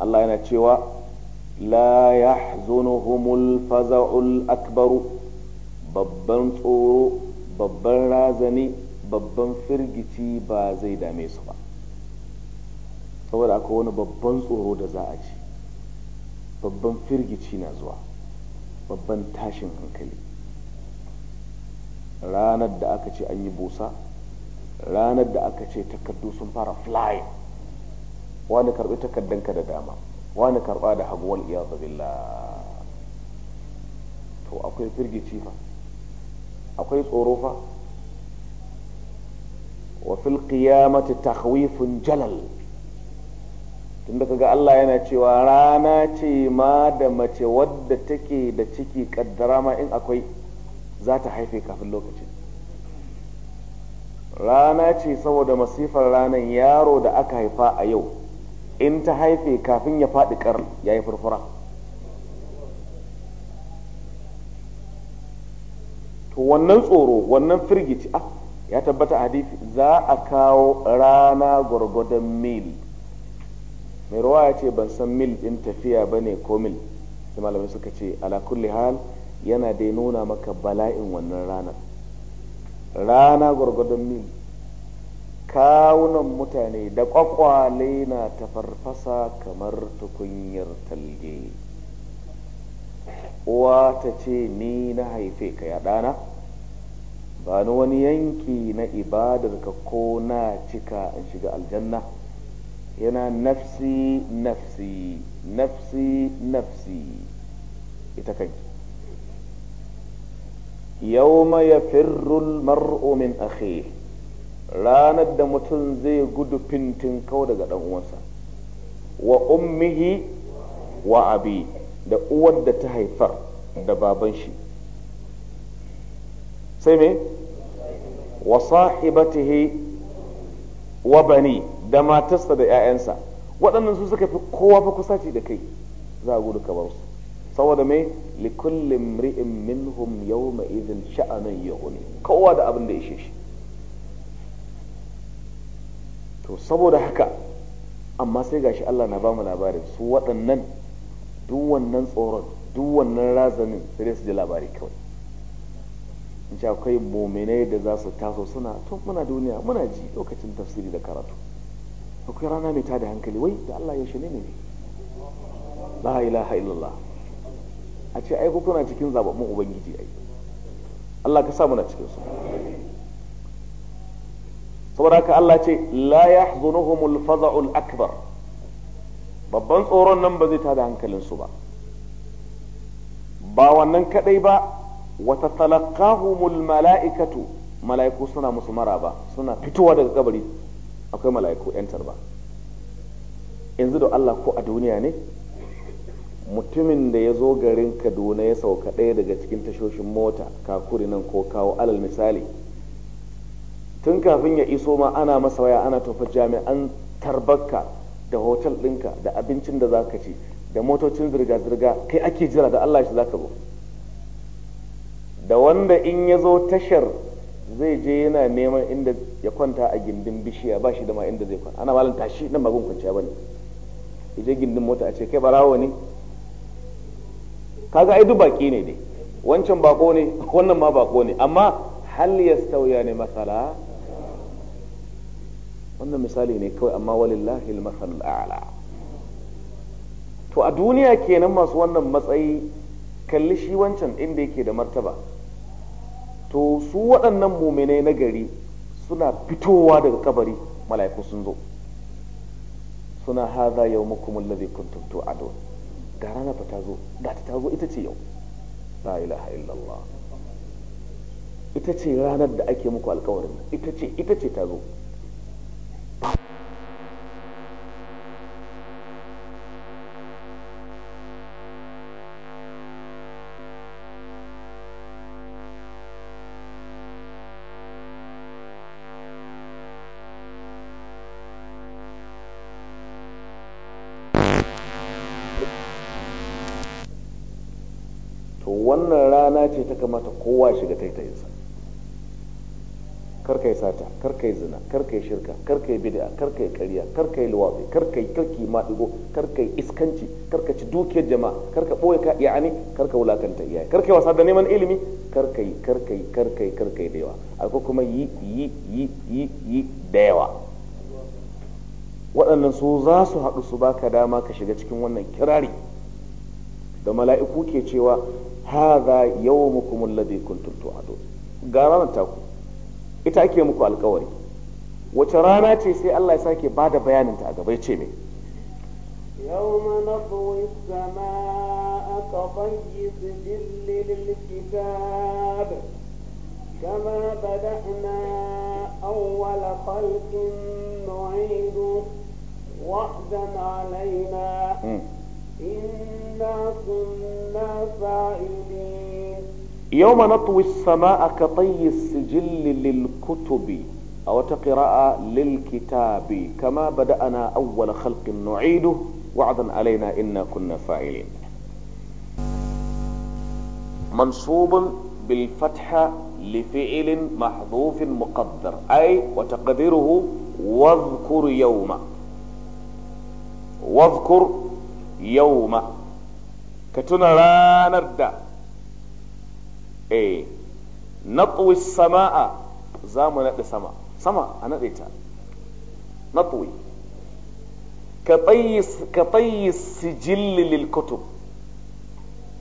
Speaker 1: Allah yana cewa la yahzunuhumul faza'ul akbaru babban tsoro babban razani babban firgici ba zai dame su ba saboda akwai wani babban tsoro da za a ci babban firgici na zuwa babban tashin hankali ranar da aka ce an yi busa ranar da aka ce takardu sun fara flying wani karbi takardanka da dama wani karba da hagu wal iyadu to akwai firgici fa akwai tsoro fa wa fil qiyamati takhwifun jalal tunda kaga Allah yana cewa rana ce ma da mace wadda take da ciki kaddara ma in akwai za ta haife kafin lokaci rana ce saboda masifar ranar yaro da aka haifa a yau in ta haife kafin ya faɗi ƙar ya yi furfura to wannan tsoro wannan firgici ah ya tabbata a hadisi za a kawo rana gwargwadon mil mai ruwa ya ce ban san mil ɗin tafiya ba ne ko mil sai malamai suka ce ala kulli hal yana dai nuna maka bala'in wannan ranar rana gwargwadon mil kawunan mutane da ƙwaƙwalai na tafarfasa kamar tukunyar talge uwa ta ce ni na haife ka ya ɗana ba ni wani yanki na ibadarka ko na cika in shiga aljanna yana nafsi nafsi nafsi nafsi ita kanki yawma yafirru al-mar'u min akhihi ranar da mutum zai gudu fintin kau daga dan uwansa wa ummihi wa abi da uwar da ta haifar da baban shi sai me wa sahibatihi wa bani da matarsa da 'ya'yansa waɗannan su suka fi kowa fa kusaci da kai za a gudu ka bar su saboda mai likullin ri'in minhum yawma idhin sha'anan yahuni kowa da abin da ya ishe shi to saboda haka amma sai gashi Allah na bamu labarin su waɗannan duk wannan tsoron duk wannan razanin sai dai su ji labari kawai in ce akwai mominai da za su taso suna to muna duniya muna ji lokacin tafsiri da karatu akwai rana mai tada hankali wai da Allah yaushe ne ne la ilaha illallah a ce ai kuna cikin zababbun ubangiji ai Allah ka sa muna cikin su saboda haka Allah ce la yahzunuhumul faza'ul akbar babban tsoron nan ba zai tada hankalinsu ba ba wannan kadai ba wata talakahumul mala'ikatu mala'iku suna musu maraba suna fitowa daga kabari akwai mala'iku yantar ba yanzu da Allah ko a duniya ne mutumin da ya zo garin kaduna ya sauka ɗaya daga cikin tashoshin mota kakuri nan ko kawo alal misali tun kafin ya iso ma ana masa waya ana tofa jami'an tarbakka da hotel ɗinka da abincin da za ka ci da motocin zirga-zirga kai ake jira da Allah shi za ka zo da wanda in ya zo tashar zai je yana neman inda ya kwanta a gindin bishiya ba shi da ma inda zai kwanta ana malam tashi nan magun kwanciya bane ya je gindin mota a ce kai barawo ne kaga ai duk baki ne dai wancan bako ne wannan ma bako ne amma hal yastawiya ne masala wannan misali ne kawai amma walillahi al-masal a'la to a duniya kenan masu wannan matsayi kalli shi wancan inda yake da martaba to su waɗannan muminai na gari suna fitowa daga kabari mala'iku sun zo suna haza yau mukumun lazi kuntum tu'adun da rana fa ta zo da ta zo ita ce yau la ilaha illallah ita ce ranar da ake muku alkawarin ita ce ita ce ta zo kamata kowa shiga taitayinsa kar kai sata kar kai zina kar kai shirka kar kai bid'a kar kai ƙarya kar kai luwafi kar kai kirki maɗigo kar kai iskanci kar ka ci dukiyar jama'a kar ka ka yani kar ka wulakanta iyaye kar kai wasa da neman ilimi kar kai kar kai kar kai kar da yawa akwai kuma yi yi yi yi yi da yawa waɗannan su za su haɗu su baka dama ka shiga cikin wannan kirari da mala'iku ke cewa muku yawmukum alladhi kuntum tu'adun ga ranar taku ita ake muku alkawari wace rana ce sai Allah ya sake bada bayanin ta a gaba ce me
Speaker 2: yawma nadwi as-samaa'a lil-kitab
Speaker 1: يوم نطوي السماء كطي السجل للكتب أو تقراء للكتاب كما بدأنا أول خلق نعيده وعدا علينا إنا كنا فاعلين منصوب بالفتحة لفعل محذوف مقدر أي وتقديره واذكر يوم واذكر yauma ka tuna ranar da e natwi sama'a za mu naɗe sama sama a naɗe ta natwi ka tsayi sijilli lil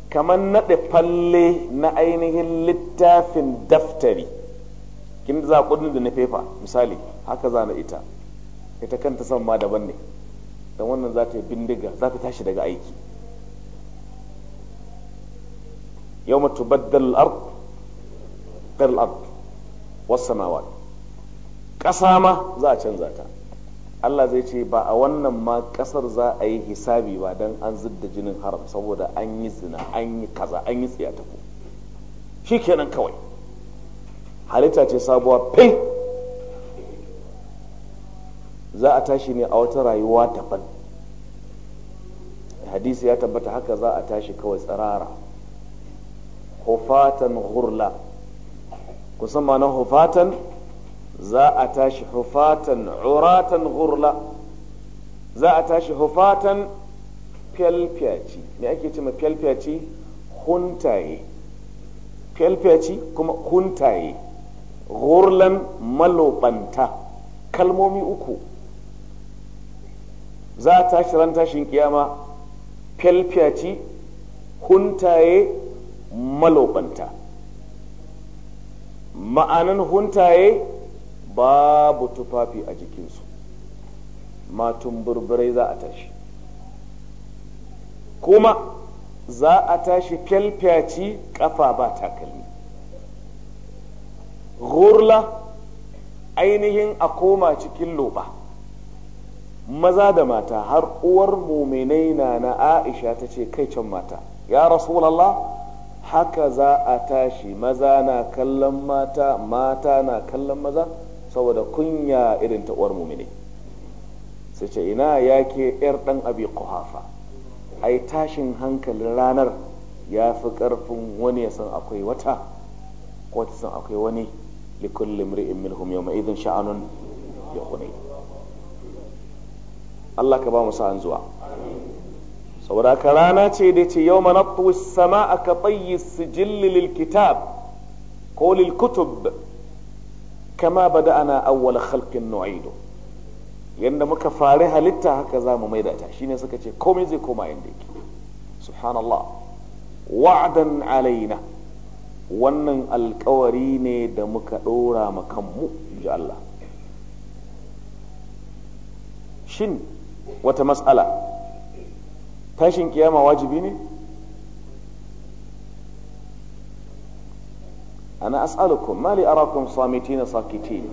Speaker 1: kamar naɗe falle na ainihin littafin daftari kin za kudin da na fefa misali haka za na ita ita kanta sama daban ne dan wannan za ta yi bindiga za ta tashi daga aiki yau matu baddal ard gal ard mawa ƙasa ma za a canza ta Allah zai ce ba a wannan ma ƙasar za a yi hisabi ba don an zidda jinin haram saboda an yi zina an yi kaza an yi tsiyata ko shi kenan kawai halitta ce sabuwa fai za a tashi ne a wata rayuwa daban hadisi ya tabbata haka za a tashi kawai tsirara hufatan hurla kusan ma na hufatan za a tashi hufatan uratan hurla za a tashi hufatan fyalfyaci me ake ce ma fyalfyaci huntaye fyalfyaci kuma huntaye hurlan malobanta kalmomi uku za a tashi ran tashin kiyama fyalfyaci huntaye malobanta ma'anin huntaye babu tufafi a jikinsu matun burburai za a tashi kuma za a tashi fyalfyaci kafa ba takalmi gurla ainihin a koma cikin loba maza da mata har uwar muminai na na aisha ta ce kai can mata ya rasulallah haka za a tashi maza na kallon mata mata na kallon maza saboda kunya irin ta uwar muminai sai ce ina ke yar dan abi kuhafa ai tashin hankalin ranar ya fi karfin wani ya san akwai wata ko ta san akwai wani likullin ri'in milhum yau idin sha'anun ya Allah ka ba mu sa'an zuwa saboda ka rana ce da ce yau manattu sama ka tsayi sijilli lil kitab ko lil kutub kama bada ana awwal khalqin nu'idu yanda muka fari halitta haka za mu maida ta shine suka ce komai zai koma inda yake subhanallah wa'dan alaina wannan alkawari ne da muka ɗora ma kanmu ji Allah shin wata matsala tashin kiyama wajibi ne ana as'alukum mali li samiti na sakiti.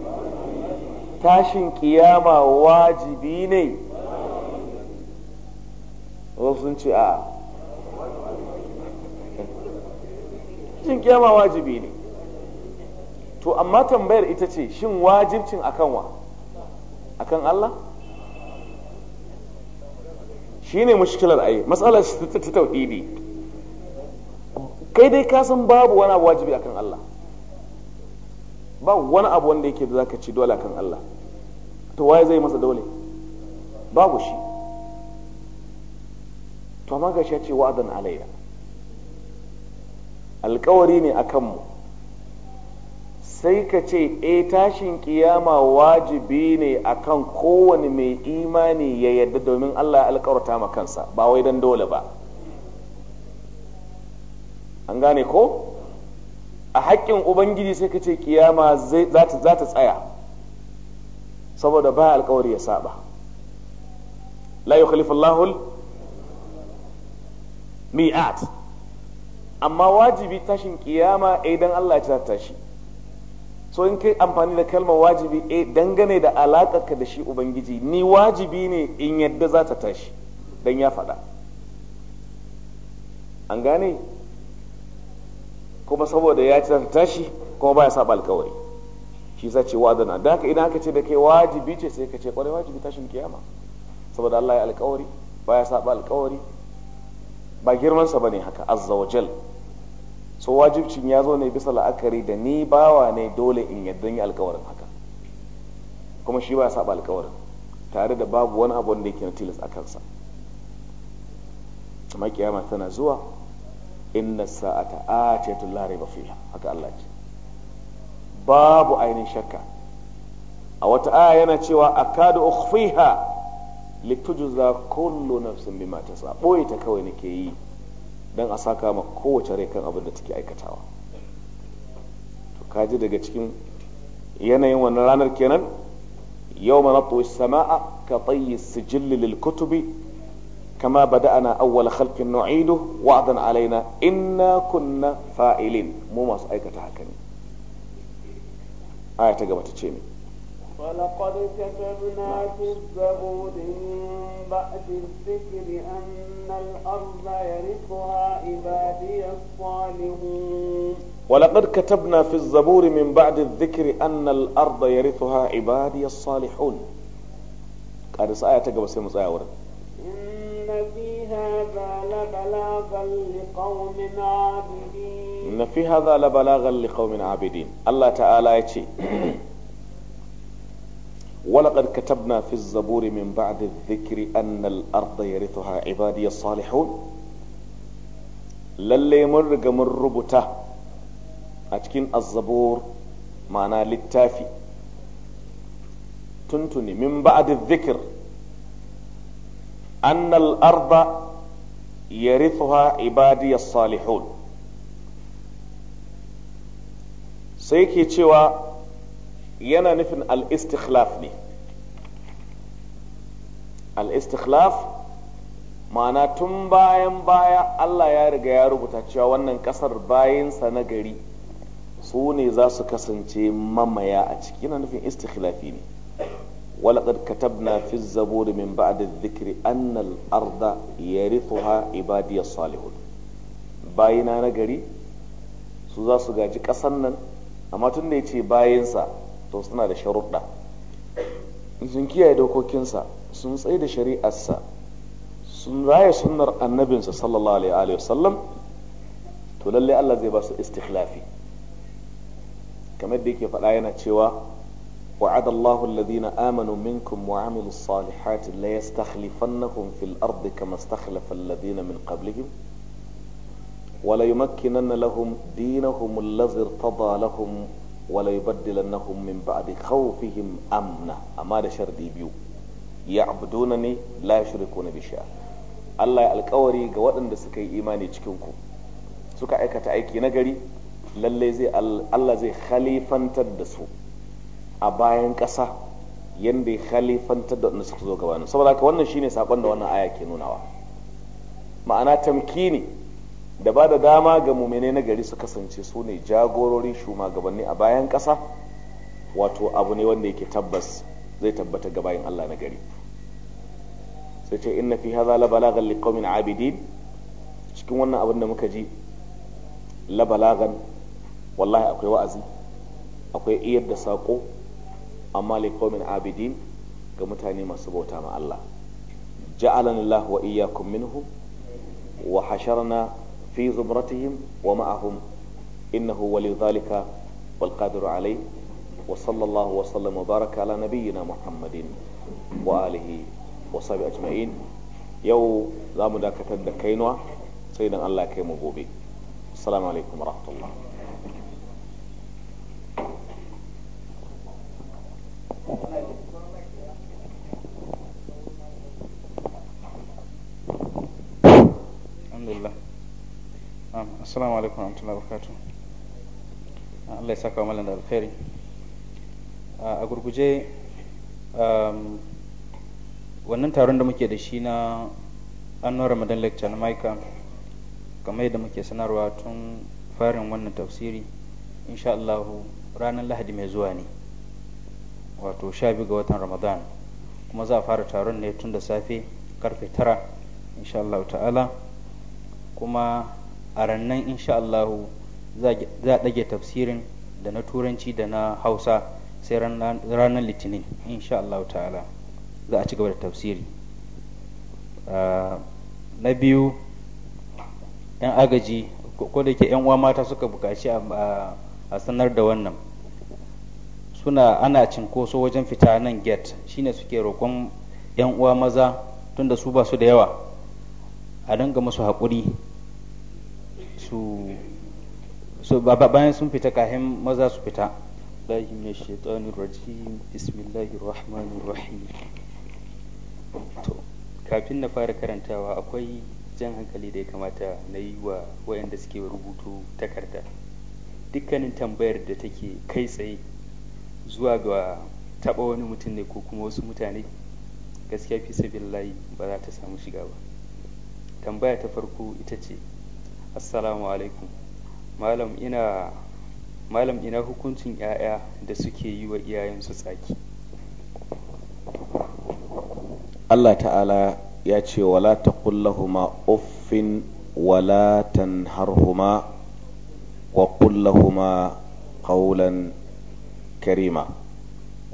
Speaker 1: tashin kiyama wajibi ne sun ce a tashin kiyama wajibi ne to amma tambayar ita ce shin wajibcin akan wa akan Allah shi ne mashikilar ai matsalar ta tauhidi kai dai ka san babu wani abu wajibi akan Allah ba wani abu wanda yake da ka ci dole akan Allah to waye zai masa dole babu shi to amma ga shi ya ce wa'adan alayya alkawari ne akan mu sai ka ce e tashin kiyama wajibi ne akan kowane mai imani ya yadda domin Allah ya alƙawarta ma kansa ba wai dan dole ba an gane ko a haƙƙin ubangiji sai ka ce kiyama za ta tsaya saboda ba alkawari ya saba la yukhlifu Allahul mi'at amma wajibi tashin kiyama idan Allah ya tashi so in kai amfani da kalmar wajibi eh dangane da alakarka da shi ubangiji ni wajibi ne in yadda za ta tashi dan ya faɗa an gane kuma saboda ya ci ta tashi kuma baya saba alkawari shi sa ce wadana da haka idan aka ce da kai wajibi ce sai ka ce kwarai wajibi tashin kiyama saboda Allah ya alkawari baya saba alkawari ba girmansa bane haka azza wajal so wajibcin ya zo ne bisa la'akari da ni bawa ne dole in yadda yi alkawarin haka kuma shi ba ya saba alkawarin tare da babu wani abu wanda yake na tilas a kansa amma kiyama tana zuwa inna sa'ata atiyatul la rayba fiha haka Allah ce babu ainihin shakka a wata aya yana cewa akadu ukhfiha litujza kullu nafsin bima tasa boye ta kawai nake yi don a saka ma kowace rai kan abin da take aikatawa to kaji daga cikin yanayin wannan ranar kenan yau mana sama'a ka tsayi sijilli lil kutubi kama bada'ana awwal khalqin nu'idu wa'dan alaina inna kunna fa'ilin mu masu aikata haka ne aya ta gaba ce mai
Speaker 2: ولقد كتبنا في الزبور من بعد الذكر أن الأرض يرثها عبادي الصالحون
Speaker 1: ولقد كتبنا في الزبور من بعد الذكر أن الأرض يرثها عبادي الصالحون قال آية تقبل سيمس آية
Speaker 2: إن في هذا لبلاغا لقوم عابدين
Speaker 1: إن في هذا لبلاغا لقوم عابدين الله تعالى يتشي ولقد كتبنا في الزبور من بعد الذكر أن الأرض يرثها عبادي الصالحون للي مرق من ربطة أتكين الزبور معنى للتافي تنتني من بعد الذكر أن الأرض يرثها عبادي الصالحون سيكي تشوى yana nufin al ne al ma'ana tun bayan baya Allah ya riga ya rubuta cewa wannan kasar bayansa na gari su ne za su kasance mamaya a ciki yana nufin istikhlafi ne ولقد كتبنا في الزبور zikiri arda ya أن ha ibadiyar salihun bayina na gari su za su gaji ƙasan nan amma tun da ya ce bayansa to suna da sharuɗa in sun kiyaye dokokinsa sun tsaye da shari'arsa sun raya sunnar annabinsa sallallahu alaihi wasallam to lalle Allah zai ba su istikhlafi kamar da yake faɗa yana cewa وعد الله الذين آمنوا منكم وعملوا الصالحات ليستخلفنهم في الأرض كما استخلف الذين من قبلهم وليمكنن لهم دينهم الذي ارتضى لهم wala yubaddilannahum min ba'di khawfihim amna amma da shardi biyu ya'buduna ne la yushrikuna bi shay'a Allah ya alkawari ga waɗanda suka yi imani cikin ku suka aikata aiki na gari lalle zai Allah zai khalifantar da su a bayan ƙasa yanda ya khalifantar da waɗanda suka zo gabanin saboda haka wannan shine sakon da wannan aya ke nunawa ma'ana tamkini da ba da dama ga muminai na gari su kasance su ne jagorori shugabanni a bayan ƙasa wato abu ne wanda yake tabbas zai tabbata ga bayan Allah na gari sai ce inna fi hadha la balagan liqaumin abidin cikin wannan abin da muka ji la balagan wallahi akwai wa'azi akwai iyar da saƙo amma likomin abidin ga mutane masu bauta ma Allah ja'alana Allah wa iyyakum minhu wa hasharna في زمرتهم ومعهم إنه ولي ذلك والقادر عليه وصلى الله وسلم وبارك على نبينا محمد وآله وصحبه أجمعين يو لا مداكة دكينوا سيدنا الله كي مبوبي السلام عليكم ورحمة الله
Speaker 3: الحمد لله assalamu alaikum warahmatullahi wabarakatuh ah, Allah ya saka malam da alkhairi ah, a um, wannan taron da muke da shi na annon ramadan lecture na maika kamar yadda muke sanarwa tun farin wannan tafsiri insha Allah ranar lahadi mai zuwa ne wato sha biyu ga watan ramadan kuma za a fara taron ne tun da safe karfe tara insha Allah ta'ala kuma a rannan insha Allah za a ɗage tafsirin da na turanci da na hausa sai ranar litinin insha Allah ta'ala za a ci gaba da tafsiri ah, na biyu 'yan agaji ko da ke uwa mata suka bukaci a sanar da wannan suna ana cinkoso wajen fita nan gate shine suke roƙon 'yan uwa maza tunda su ba su da yawa a dinga musu haƙuri su so bayan sun fita kahin
Speaker 4: maza su fita الله من الشيطان rajim bismillahir rahmanir rahim to kafin na fara karantawa akwai jan hankali da ya kamata na yi wa wayanda suke rubutu takarda dukkanin tambayar da take kai tsaye zuwa ga taɓa wani mutum ne ko kuma wasu mutane gaskiya fi layi ba za ta samu shiga ba tambaya ta farko ita ce assalamu alaikum malam ina malam ina hukuncin 'ya'ya da suke yi wa iyayensu tsaki
Speaker 1: Allah ta'ala ya ce wala taqul lahuma uffin wala tanharhuma wa qul qawlan karima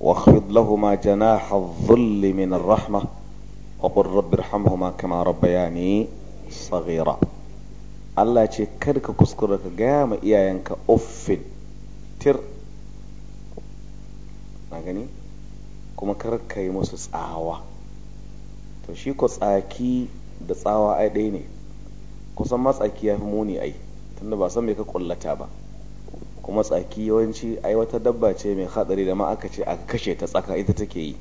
Speaker 1: wa لهما جناح الظل من الرحمة وقل رب ارحمهما كما ربياني صغيرا Allah ce kada ka kuskura ka gaya ma iyayenka uffin tir na gani kuma kar ka yi musu tsawa to shi ko tsaki da tsawa ai ɗaya ne kusan matsaki ya fi muni ai tunda ba san me ka kullata ba kuma tsaki yawanci ai wata dabba ce mai hadari da ma aka ce aka kashe ta tsaka ita take yi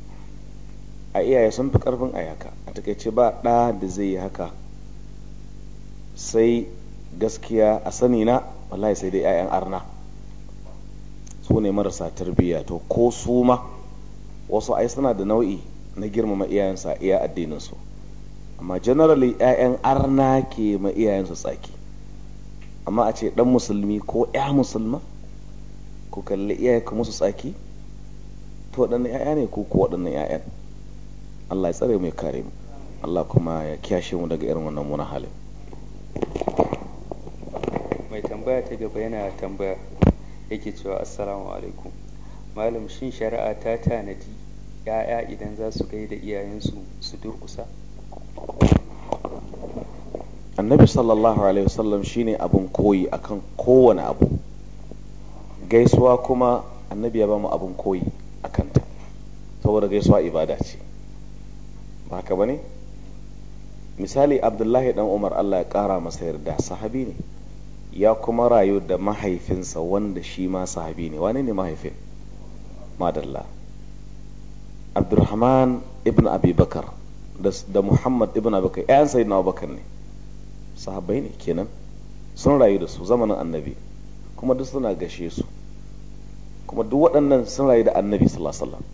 Speaker 1: a iyaye sun fi karfin a haka a takaice ba ɗa da zai yi haka sai gaskiya a sani na wallahi sai dai 'ya'yan arna su ne marasa tarbiyya to ko su ma wasu ai suna da nau'i na girmama iyayensu a iya addininsu amma generally 'ya'yan arna ke ma iyayensu tsaki amma a ce dan musulmi ko 'ya musulma ku kalli ka musu tsaki to waɗannan 'ya'ya ne ko ko waɗannan 'ya'yan Allah ya tsare mu ya kare mu Allah kuma ya kiyashe mu daga irin wannan munahalin
Speaker 4: mai tambaya ta gaba yana tambaya yake cewa assalamu alaikum malam shin shari'a ta tanadi ya'ya idan za su gaida iyayensu su durkusa
Speaker 1: annabi sallallahu alaihi wasallam shine abin koyi akan kowane abu gaisuwa kuma annabi ya bamu abin koyi akan ta saboda gaisuwa ibada ce ba haka bane misali abdullahi dan umar allah ya kara masa yarda sahabi ne ya kuma rayu da mahaifinsa wanda shi ma sahabi ne wane ne mahaifin madalla abdurrahman ibn abubakar da muhammad ibn abubakar ƴaƴan sayyidina abubakar ne sahabbai ne kenan sun rayu da su zamanin annabi kuma duk suna gashe su kuma duk waɗannan sun rayu da annabi sallallahu alaihi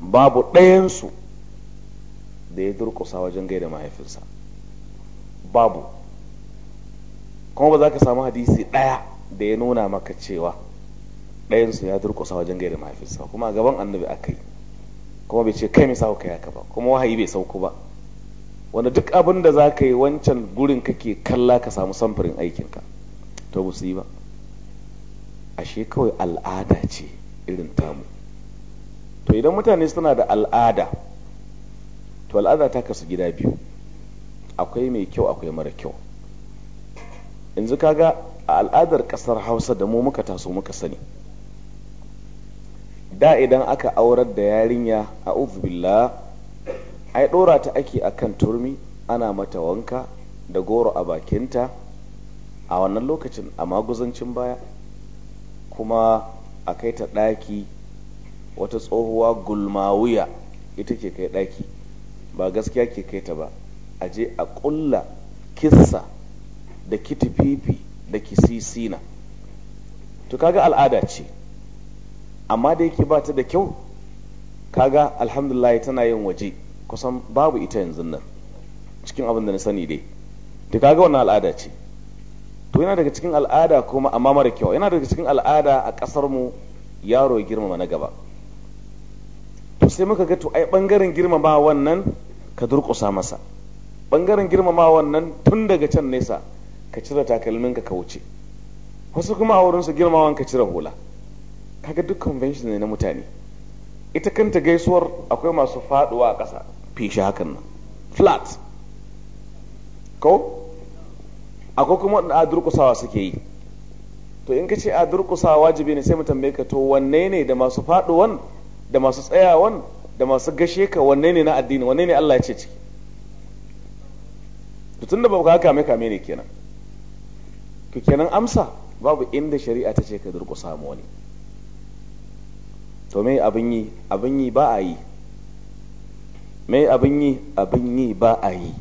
Speaker 1: babu ɗayansu da ya durƙusa wajen gaida mahaifinsa babu kuma ba za ka samu hadisi ɗaya da ya nuna maka cewa ɗayansu ya durkusa wajen gaida mahaifinsa kuma a gaban annabi aka yi kuma bai ce kai mai sa kai yaka ba kuma wahayi bai sauku ba wanda duk abin da za ka yi wancan gurin kake kalla ka samu samfurin aikinka to ba su yi ba ashe kawai al'ada ce irin tamu to idan mutane suna da al'ada to al'ada ta kasu gida biyu akwai mai kyau akwai mara kyau yanzu kaga a al'adar kasar hausa da mu muka taso muka sani da idan aka aurar da yarinya a billah ai ɗora ta ake akan turmi ana mata wanka da goro a bakinta a wannan lokacin a maguzancin baya kuma a kai ta ɗaki wata tsohuwa gulmawuya ita ke kai ɗaki ba gaskiya ke kai ta ba a je a ƙulla kissa da kitififi da kisisina to kaga al'ada ce amma da yake ba ta da kyau kaga alhamdulillah tana yin waje kusan babu ita yanzu nan cikin abin da na sani dai to kaga wannan al'ada ce to yana daga cikin al'ada kuma amma mara kyau yana daga cikin al'ada a ƙasar mu yaro girmama na gaba to sai muka ga to ai bangaren girmama wannan ka durƙusa masa bangaren girmama wannan tun daga can nesa ka cire takalminka ka wuce wasu kuma a wurinsu girmawan ka cire hula kaga duk convention ne na mutane ita kanta gaisuwar akwai masu faduwa a ƙasa fishi hakan nan flat ko akwai kuma wanda adurkusawa durƙusawa suke yi to in ka ce a durƙusawa wajibi ne sai mu tambaye ka to wanne ne da masu faduwan da masu tsayawan da masu gashe ka wanne ne na addini wanne ne Allah ya ce ciki to da ba ka kame kame ne kenan to kenan amsa babu inda shari'a ta ce ka durƙusa samu wani to me abin yi abin yi ba a yi me abin yi abin yi ba a yi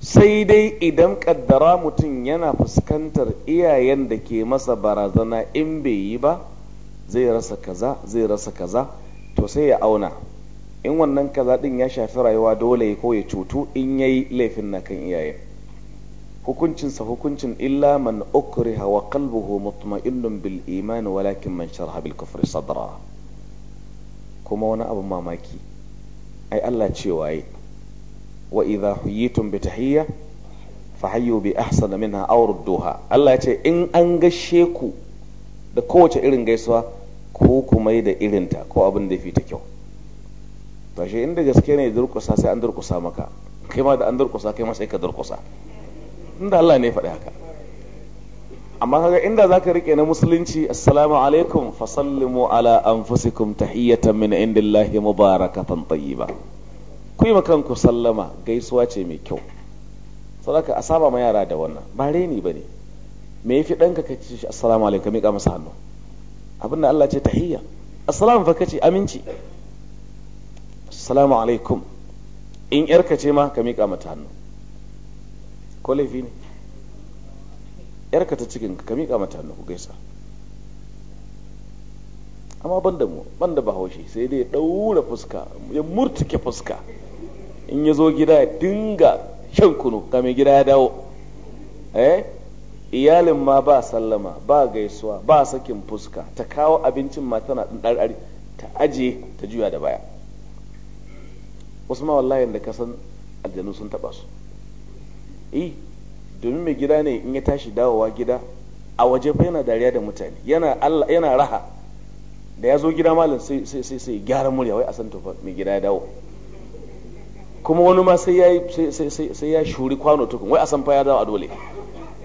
Speaker 1: sai dai idan kaddara mutum yana fuskantar iyayen da ke masa barazana in bai yi ba zai rasa kaza zai rasa kaza to sai ya auna in wannan kaza din ya shafi rayuwa dole ko ya cutu in yayi laifin na kan iyayen hukuncinsa hukuncin illa man ukriha wa qalbuhu mutma'innun bil iman walakin man sharaha bil kufri sadra kuma wani abu mamaki ai Allah cewa waye wa idha huyitum bi tahiyya fahayyu bi ahsana minha aw rudduha Allah ya ce in an gashe ku da kowace irin gaisuwa ko kuma da irinta ko abin da fi kyau to shi inda gaske ne durkusa sai an durkusa maka kai ma da an durkusa kai ma sai ka durkusa inda Allah ne faɗi haka amma kaga inda zaka rike na musulunci assalamu alaikum fa sallimu ala anfusikum tahiyatan min indillahi mubarakatan tayyiba ku yi kanku sallama gaisuwa ce mai kyau sadaka a saba ma yara da wannan ba reni bane me yafi danka ka ce assalamu alaikum miƙa masa hannu abinda Allah ce tahiyya assalamu fa kace aminci assalamu alaikum in yarka ce ma ka miƙa mata hannu ko laifi ne yarka ta cikin ka miƙa mata hannu ku gaisa amma ban da mu ban da bahaushe sai dai ɗaura fuska ya murtuke fuska in ya zo gida ya dinga shan kunu ga mai gida ya dawo eh iyalin ma ba sallama ba gaisuwa ba sakin fuska ta kawo abincin ma tana ɗan ta ajiye ta juya da baya wasu ma wallahi da san aljanu sun taɓa su eh domin mai gida ne in ya tashi dawowa gida a waje fa yana dariya da mutane yana Allah yana raha da ya zo gida malam sai sai sai sai gyara murya wai a san fa mai gida ya dawo kuma wani ma sai ya sai sai sai ya shuri kwano tukun wai a san fa ya dawo a dole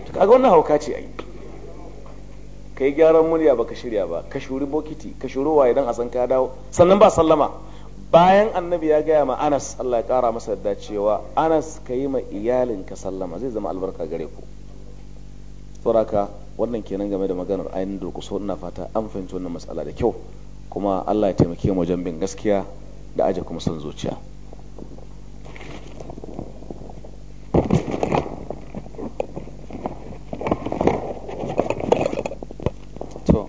Speaker 1: to kaga wannan hauka ce ai kai gyaran murya baka shirya ba ka shuri bokiti ka shuri waye dan a san ka dawo sannan ba sallama bayan annabi ya gaya ma anas allah ya kara masa da cewa anas ka yi ma iyalinka sallama zai zama albarka gare ku sauraka wannan kenan game da maganar ainihin durkuso ina fata an fahimci wannan matsala da kyau kuma allah ya taimake mu wajen bin gaskiya da aje kuma son zuciya
Speaker 4: to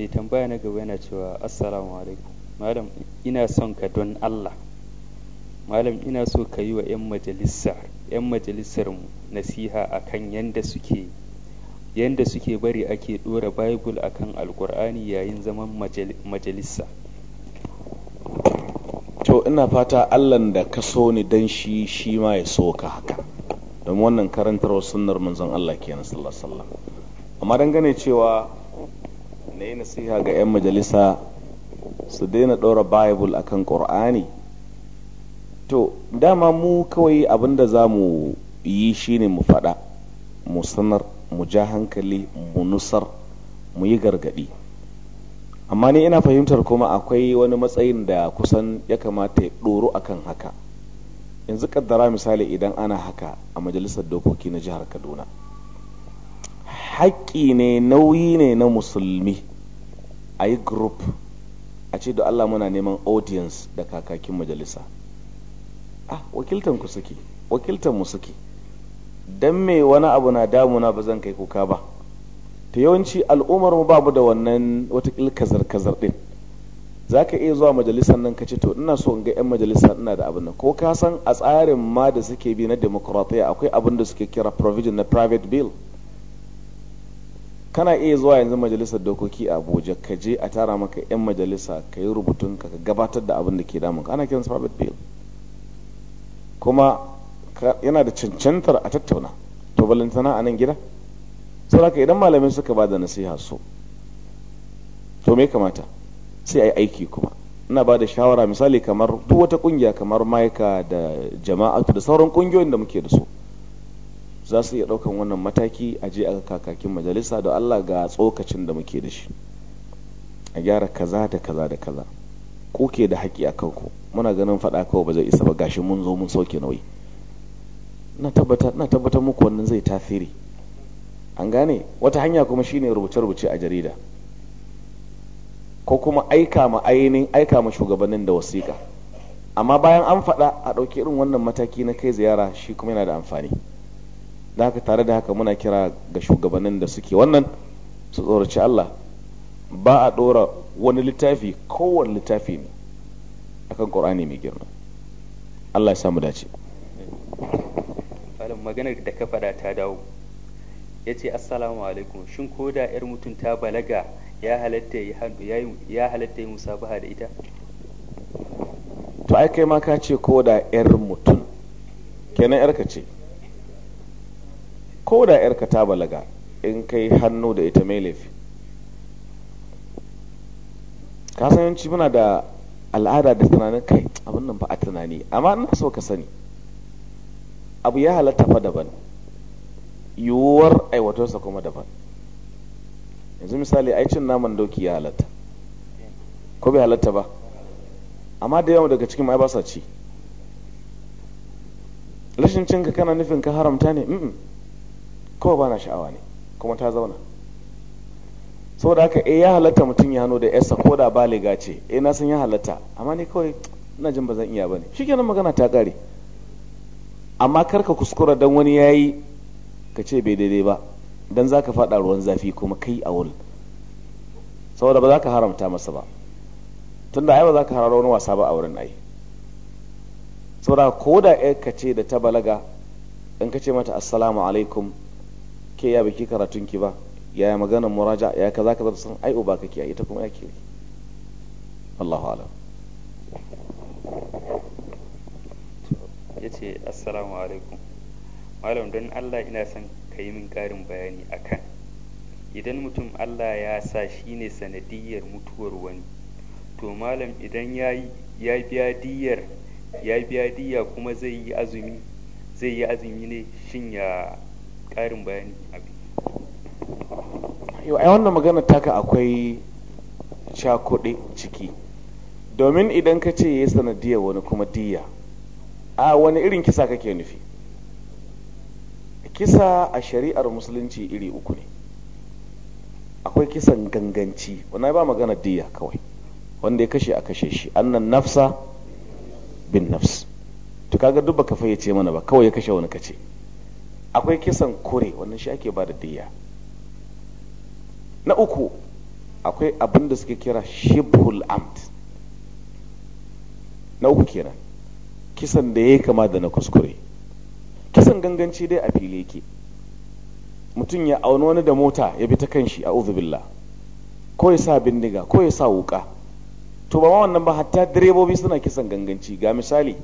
Speaker 4: mai tambaya na gaba yana cewa assalamu alaikum malam ina son ka don Allah malam ina so ka yi wa 'yan majalisa 'yan majalisar mu nasiha akan yanda suke yanda suke bari ake ɗora bible akan alkur'ani yayin zaman majalisa
Speaker 1: to ina fata allan da ka so ni dan shi shi ma ya so ka haka don wannan karantarwar sunnar manzon Allah kenan sallallahu alaihi wasallam amma dangane cewa na yi nasiha ga 'yan majalisa su daina ɗora bible akan ƙur'ani to dama mu kawai abin da za mu yi shine mu faɗa mu sanar mu ja hankali mu nusar mu yi gargaɗi amma ni ina fahimtar kuma akwai wani matsayin da kusan ya kamata ya ɗoro kan haka yanzu kaddara misali idan ana haka a majalisar dokoki na jihar kaduna haƙƙi ne nauyi ne na musulmi a yi group ce da Allah muna neman audience da kakakin majalisa ah wakiltan ku suke wakiltan mu suke dan me wani abu na damuna ba zan kai kuka ba ta yawanci al'umar mu babu da wannan wata kazar kazar din za ka iya zuwa majalisar nan ka ce to ina so in ga 'yan majalisa ina da abin nan ko ka san a tsarin ma da suke bi na demokratiya akwai abin da suke kira provision na private bill kana iya zuwa yanzu majalisar dokoki a abuja ka je a tara maka 'yan majalisa ka yi rubutun ka gabatar da abin da ke damun ana kiran su private bill kuma yana da cancantar a tattauna to balantana a nan gida saboda idan malamai suka ba da nasiha so to me kamata sai a yi aiki kuma ina ba da shawara misali kamar duk wata kungiya kamar maika da jama'atu da sauran kungiyoyin da muke da su za su iya ɗaukan wannan mataki a je a kakakin majalisa da Allah ga tsokacin da muke da shi a gyara kaza da kaza da kaza ku da haƙi a kanku muna ganin faɗa kawai ba zai isa ba gashi mun zo mun sauke nauyi na tabbata muku wannan zai tasiri an gane wata hanya kuma shine rubuce-rubuce a jarida ko kuma aika ma ainihin aika ma shugabannin da wasiƙa amma bayan an faɗa a ɗauki irin wannan mataki na kai ziyara shi kuma yana da amfani da haka tare da haka muna kira ga shugabannin da suke wannan su tsoraci Allah ba a ɗora wani littafi kowane littafi ne akan ƙur'ani mai girma Allah ya samu dace
Speaker 4: malam maganar da ka faɗa ta dawo ya ce assalamu alaikum shin ko da 'yar mutum ta balaga ya halatta ya yi musabaha da ita
Speaker 1: to ai kai ma ka ce ko da 'yar mutum kenan ka ce ko da yarka ta balaga in kai hannu da ita mai laifi ka san muna da al'ada da tunanin kai abin nan ba a tunani amma ina so ka sani abu ya halatta fa daban yiwuwar aiwatarsa kuma daban yanzu misali ai cin naman doki ya halatta ko bai halatta ba amma da yawa daga cikin mai ba sa ci rashin cinka kana nufin ka haramta ne kawai bana sha'awa ne kuma ta zauna saboda haka eh ya halatta mutum ya hano da yarsa ko da baliga ce eh na san ya halatta amma ne kawai ina jin ba zan iya bane shikenan magana ta kare amma kar ka kuskura dan wani yayi ka ce bai daidai ba dan zaka fada ruwan zafi kuma kai a wul saboda ba za ka haramta masa ba tunda ai ba za ka harara wani wasa ba a wurin ai saboda ko da ka ce da ta balaga in ka ce mata assalamu alaikum ke ya baki karatun ki ba ya maganar muraja ya kaza kaza san ai uba kake ita kuma ya yake Allahu a'lam
Speaker 4: yace assalamu alaikum malam don Allah ina son ka yi min karin bayani akan idan mutum Allah ya sa shi ne sanadiyar mutuwar wani to malam idan ya biya diyar ya biya diya kuma zai yi azumi zai yi azumi ne shin ya ƙarin bayani
Speaker 1: a wannan magana taka akwai cakuɗe ciki domin idan ka ce ya sanadiyar wani kuma diya a wani irin kisa kake nufi kisa a shari'ar musulunci iri uku ne akwai kisan ganganci wani ba magana diya kawai wanda ya kashe a kashe shi annan nafsa bin nafs to kaga duk baka fayyace mana ba kawai ya kashe wani kace akwai kisan kure wannan shi ake ba da diya na uku akwai abin da suke kira shibhul amt na uku kenan kisan da ya kama da na kuskure kisan ganganci dai a fili yake mutum ya auna wani da mota ya bi ta kan shi a billah ko ya sa bindiga ko ya sa wuka to ba wannan ba hatta direbobi suna kisan ganganci ga misali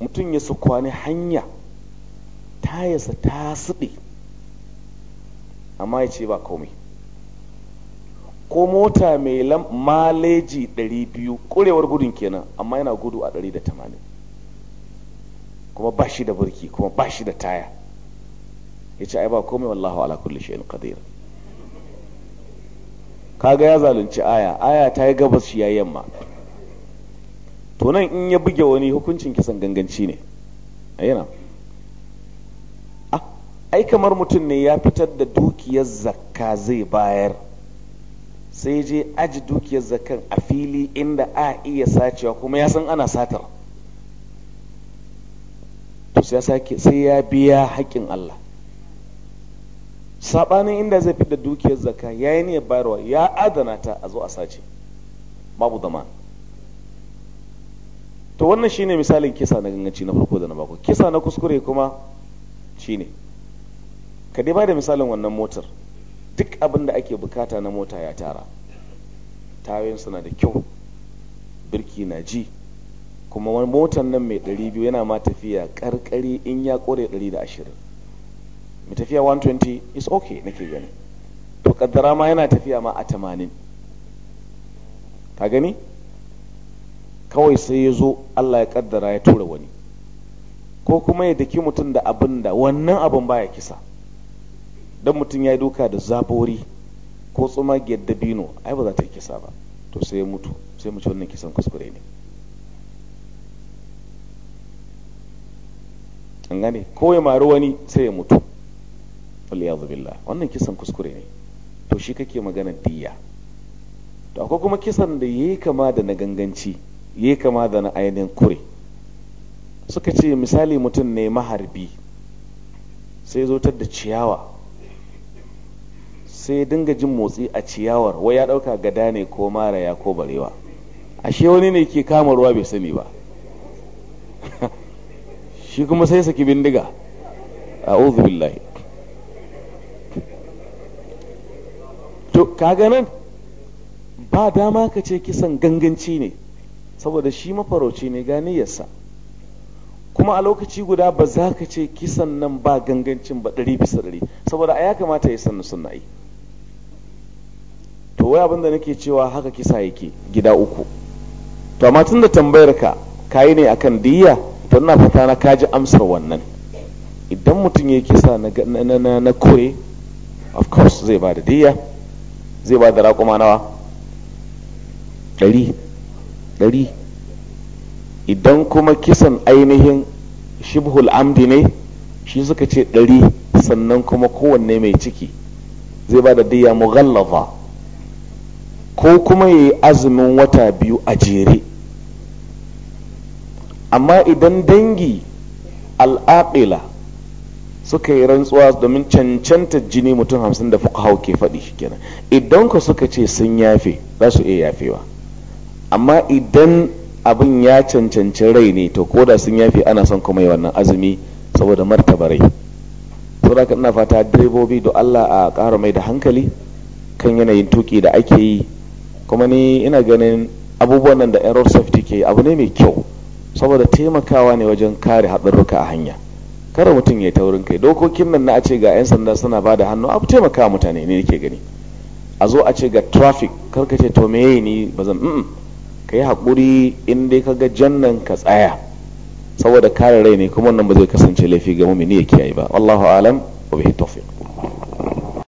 Speaker 1: mutum ya su kwani hanya tayarsa ta suɗe amma ya ce ba komai ko mota mai maleji 200 kurewar gudun kenan amma yana gudu a 180 kuma ba shi da burki kuma ba shi da taya ya ce ai ba komai wallahu ala kulli shayin qadir kaga ya zalunci aya aya ta yi gabas shi yamma to nan in ya buge wani hukuncin kisan ganganci ne yana ai kamar mutum ne ya fitar da dukiyar zakka zai bayar sai je aji dukiyar zakkan a fili inda a iya sacewa kuma ya san ana satar to sai ya biya haƙƙin Allah saɓanin inda zai fitar da dukiyar zakka ya yi niyyar bayarwa ya adana ta a zo a sace babu zama to wannan shine misalin kisa na ganganci na farko da na bako kisa na kuskure kuma shine ne ka dai da misalin wannan motar duk abin da ake bukata na mota ya tara tayoyinsa suna da kyau birki na ji kuma wani motar nan mai 200 yana ma tafiya karkari in ya kore 120 mai tafiya 120 is okay nake gani to kaddara ma yana tafiya ma a 80 ka gani kawai sai ya zo Allah ya kaddara ya tura wani ko kuma ya daki mutum da abin da wannan abin baya kisa dan mutum ya yi doka da zabori ko tsumagiyar dabino ai ba za ta yi kisa ba to sai ya mutu sai mu ci wannan kisan kuskure ne an gane ko ya mari wani sai ya mutu waliyazu billah wannan kisan kuskure ne to shi kake magana diya to akwai kuma kisan da yayi kama da na ganganci yayi kama da na ainihin kure suka ce misali mutum ne maharbi sai zotar da ciyawa sai dinga jin motsi a ciyawar wai ya ɗauka gada ne ko maraya ko barewa ashe wani ne ke kama ruwa bai sani ba shi kuma sai saki bindiga a'udhu billahi to kaga nan ba dama ka ce kisan ganganci ne saboda shi mafarauci ne yasa kuma a lokaci guda ba za ka ce kisan nan ba gangancin ba ɗari bisa ɗari saboda a ya kamata ya sannu sunna to wai abin da nake cewa haka kisa yake gida uku to amma tun da tambayar ka kayi ne akan diyya to ina fata na kaji amsar wannan idan mutum ya kisa na na na kure of course zai ba da diyya zai ba da raƙuma nawa ɗari ɗari idan kuma kisan ainihin shibhul amdi ne shi suka ce ɗari sannan kuma kowanne mai ciki zai ba da diyya mughallaza ko kuma ya yi azumin wata biyu a jere amma idan dangi al'aƙila suka yi rantsuwa domin cancanta jini mutum hamsin da fuka ke faɗi shi kenan idan ku suka ce sun yafe za su iya yafewa amma idan abin ya cancanci rai ne to ko da sun yafe ana son kuma yi wannan azumi saboda martaba rai saboda ina fata direbobi da allah a ƙara mai da hankali kan yanayin tuƙi da ake yi kuma ni ina ganin abubuwan nan da error safety ke abu ne mai kyau saboda taimakawa ne wajen kare haɗarruka a hanya kada mutum ya taurin kai dokokin nan na a ce ga 'yan sanda suna ba da hannu abu taimaka mutane ne ke gani a zo a ce ga traffic karka ce to meye ni ba zan mm ka yi haƙuri in dai ka ga jannan ka tsaya saboda kare rai ne kuma wannan ba zai kasance laifi ga mumini ya kiyaye ba wallahu alam wa bihi tawfiq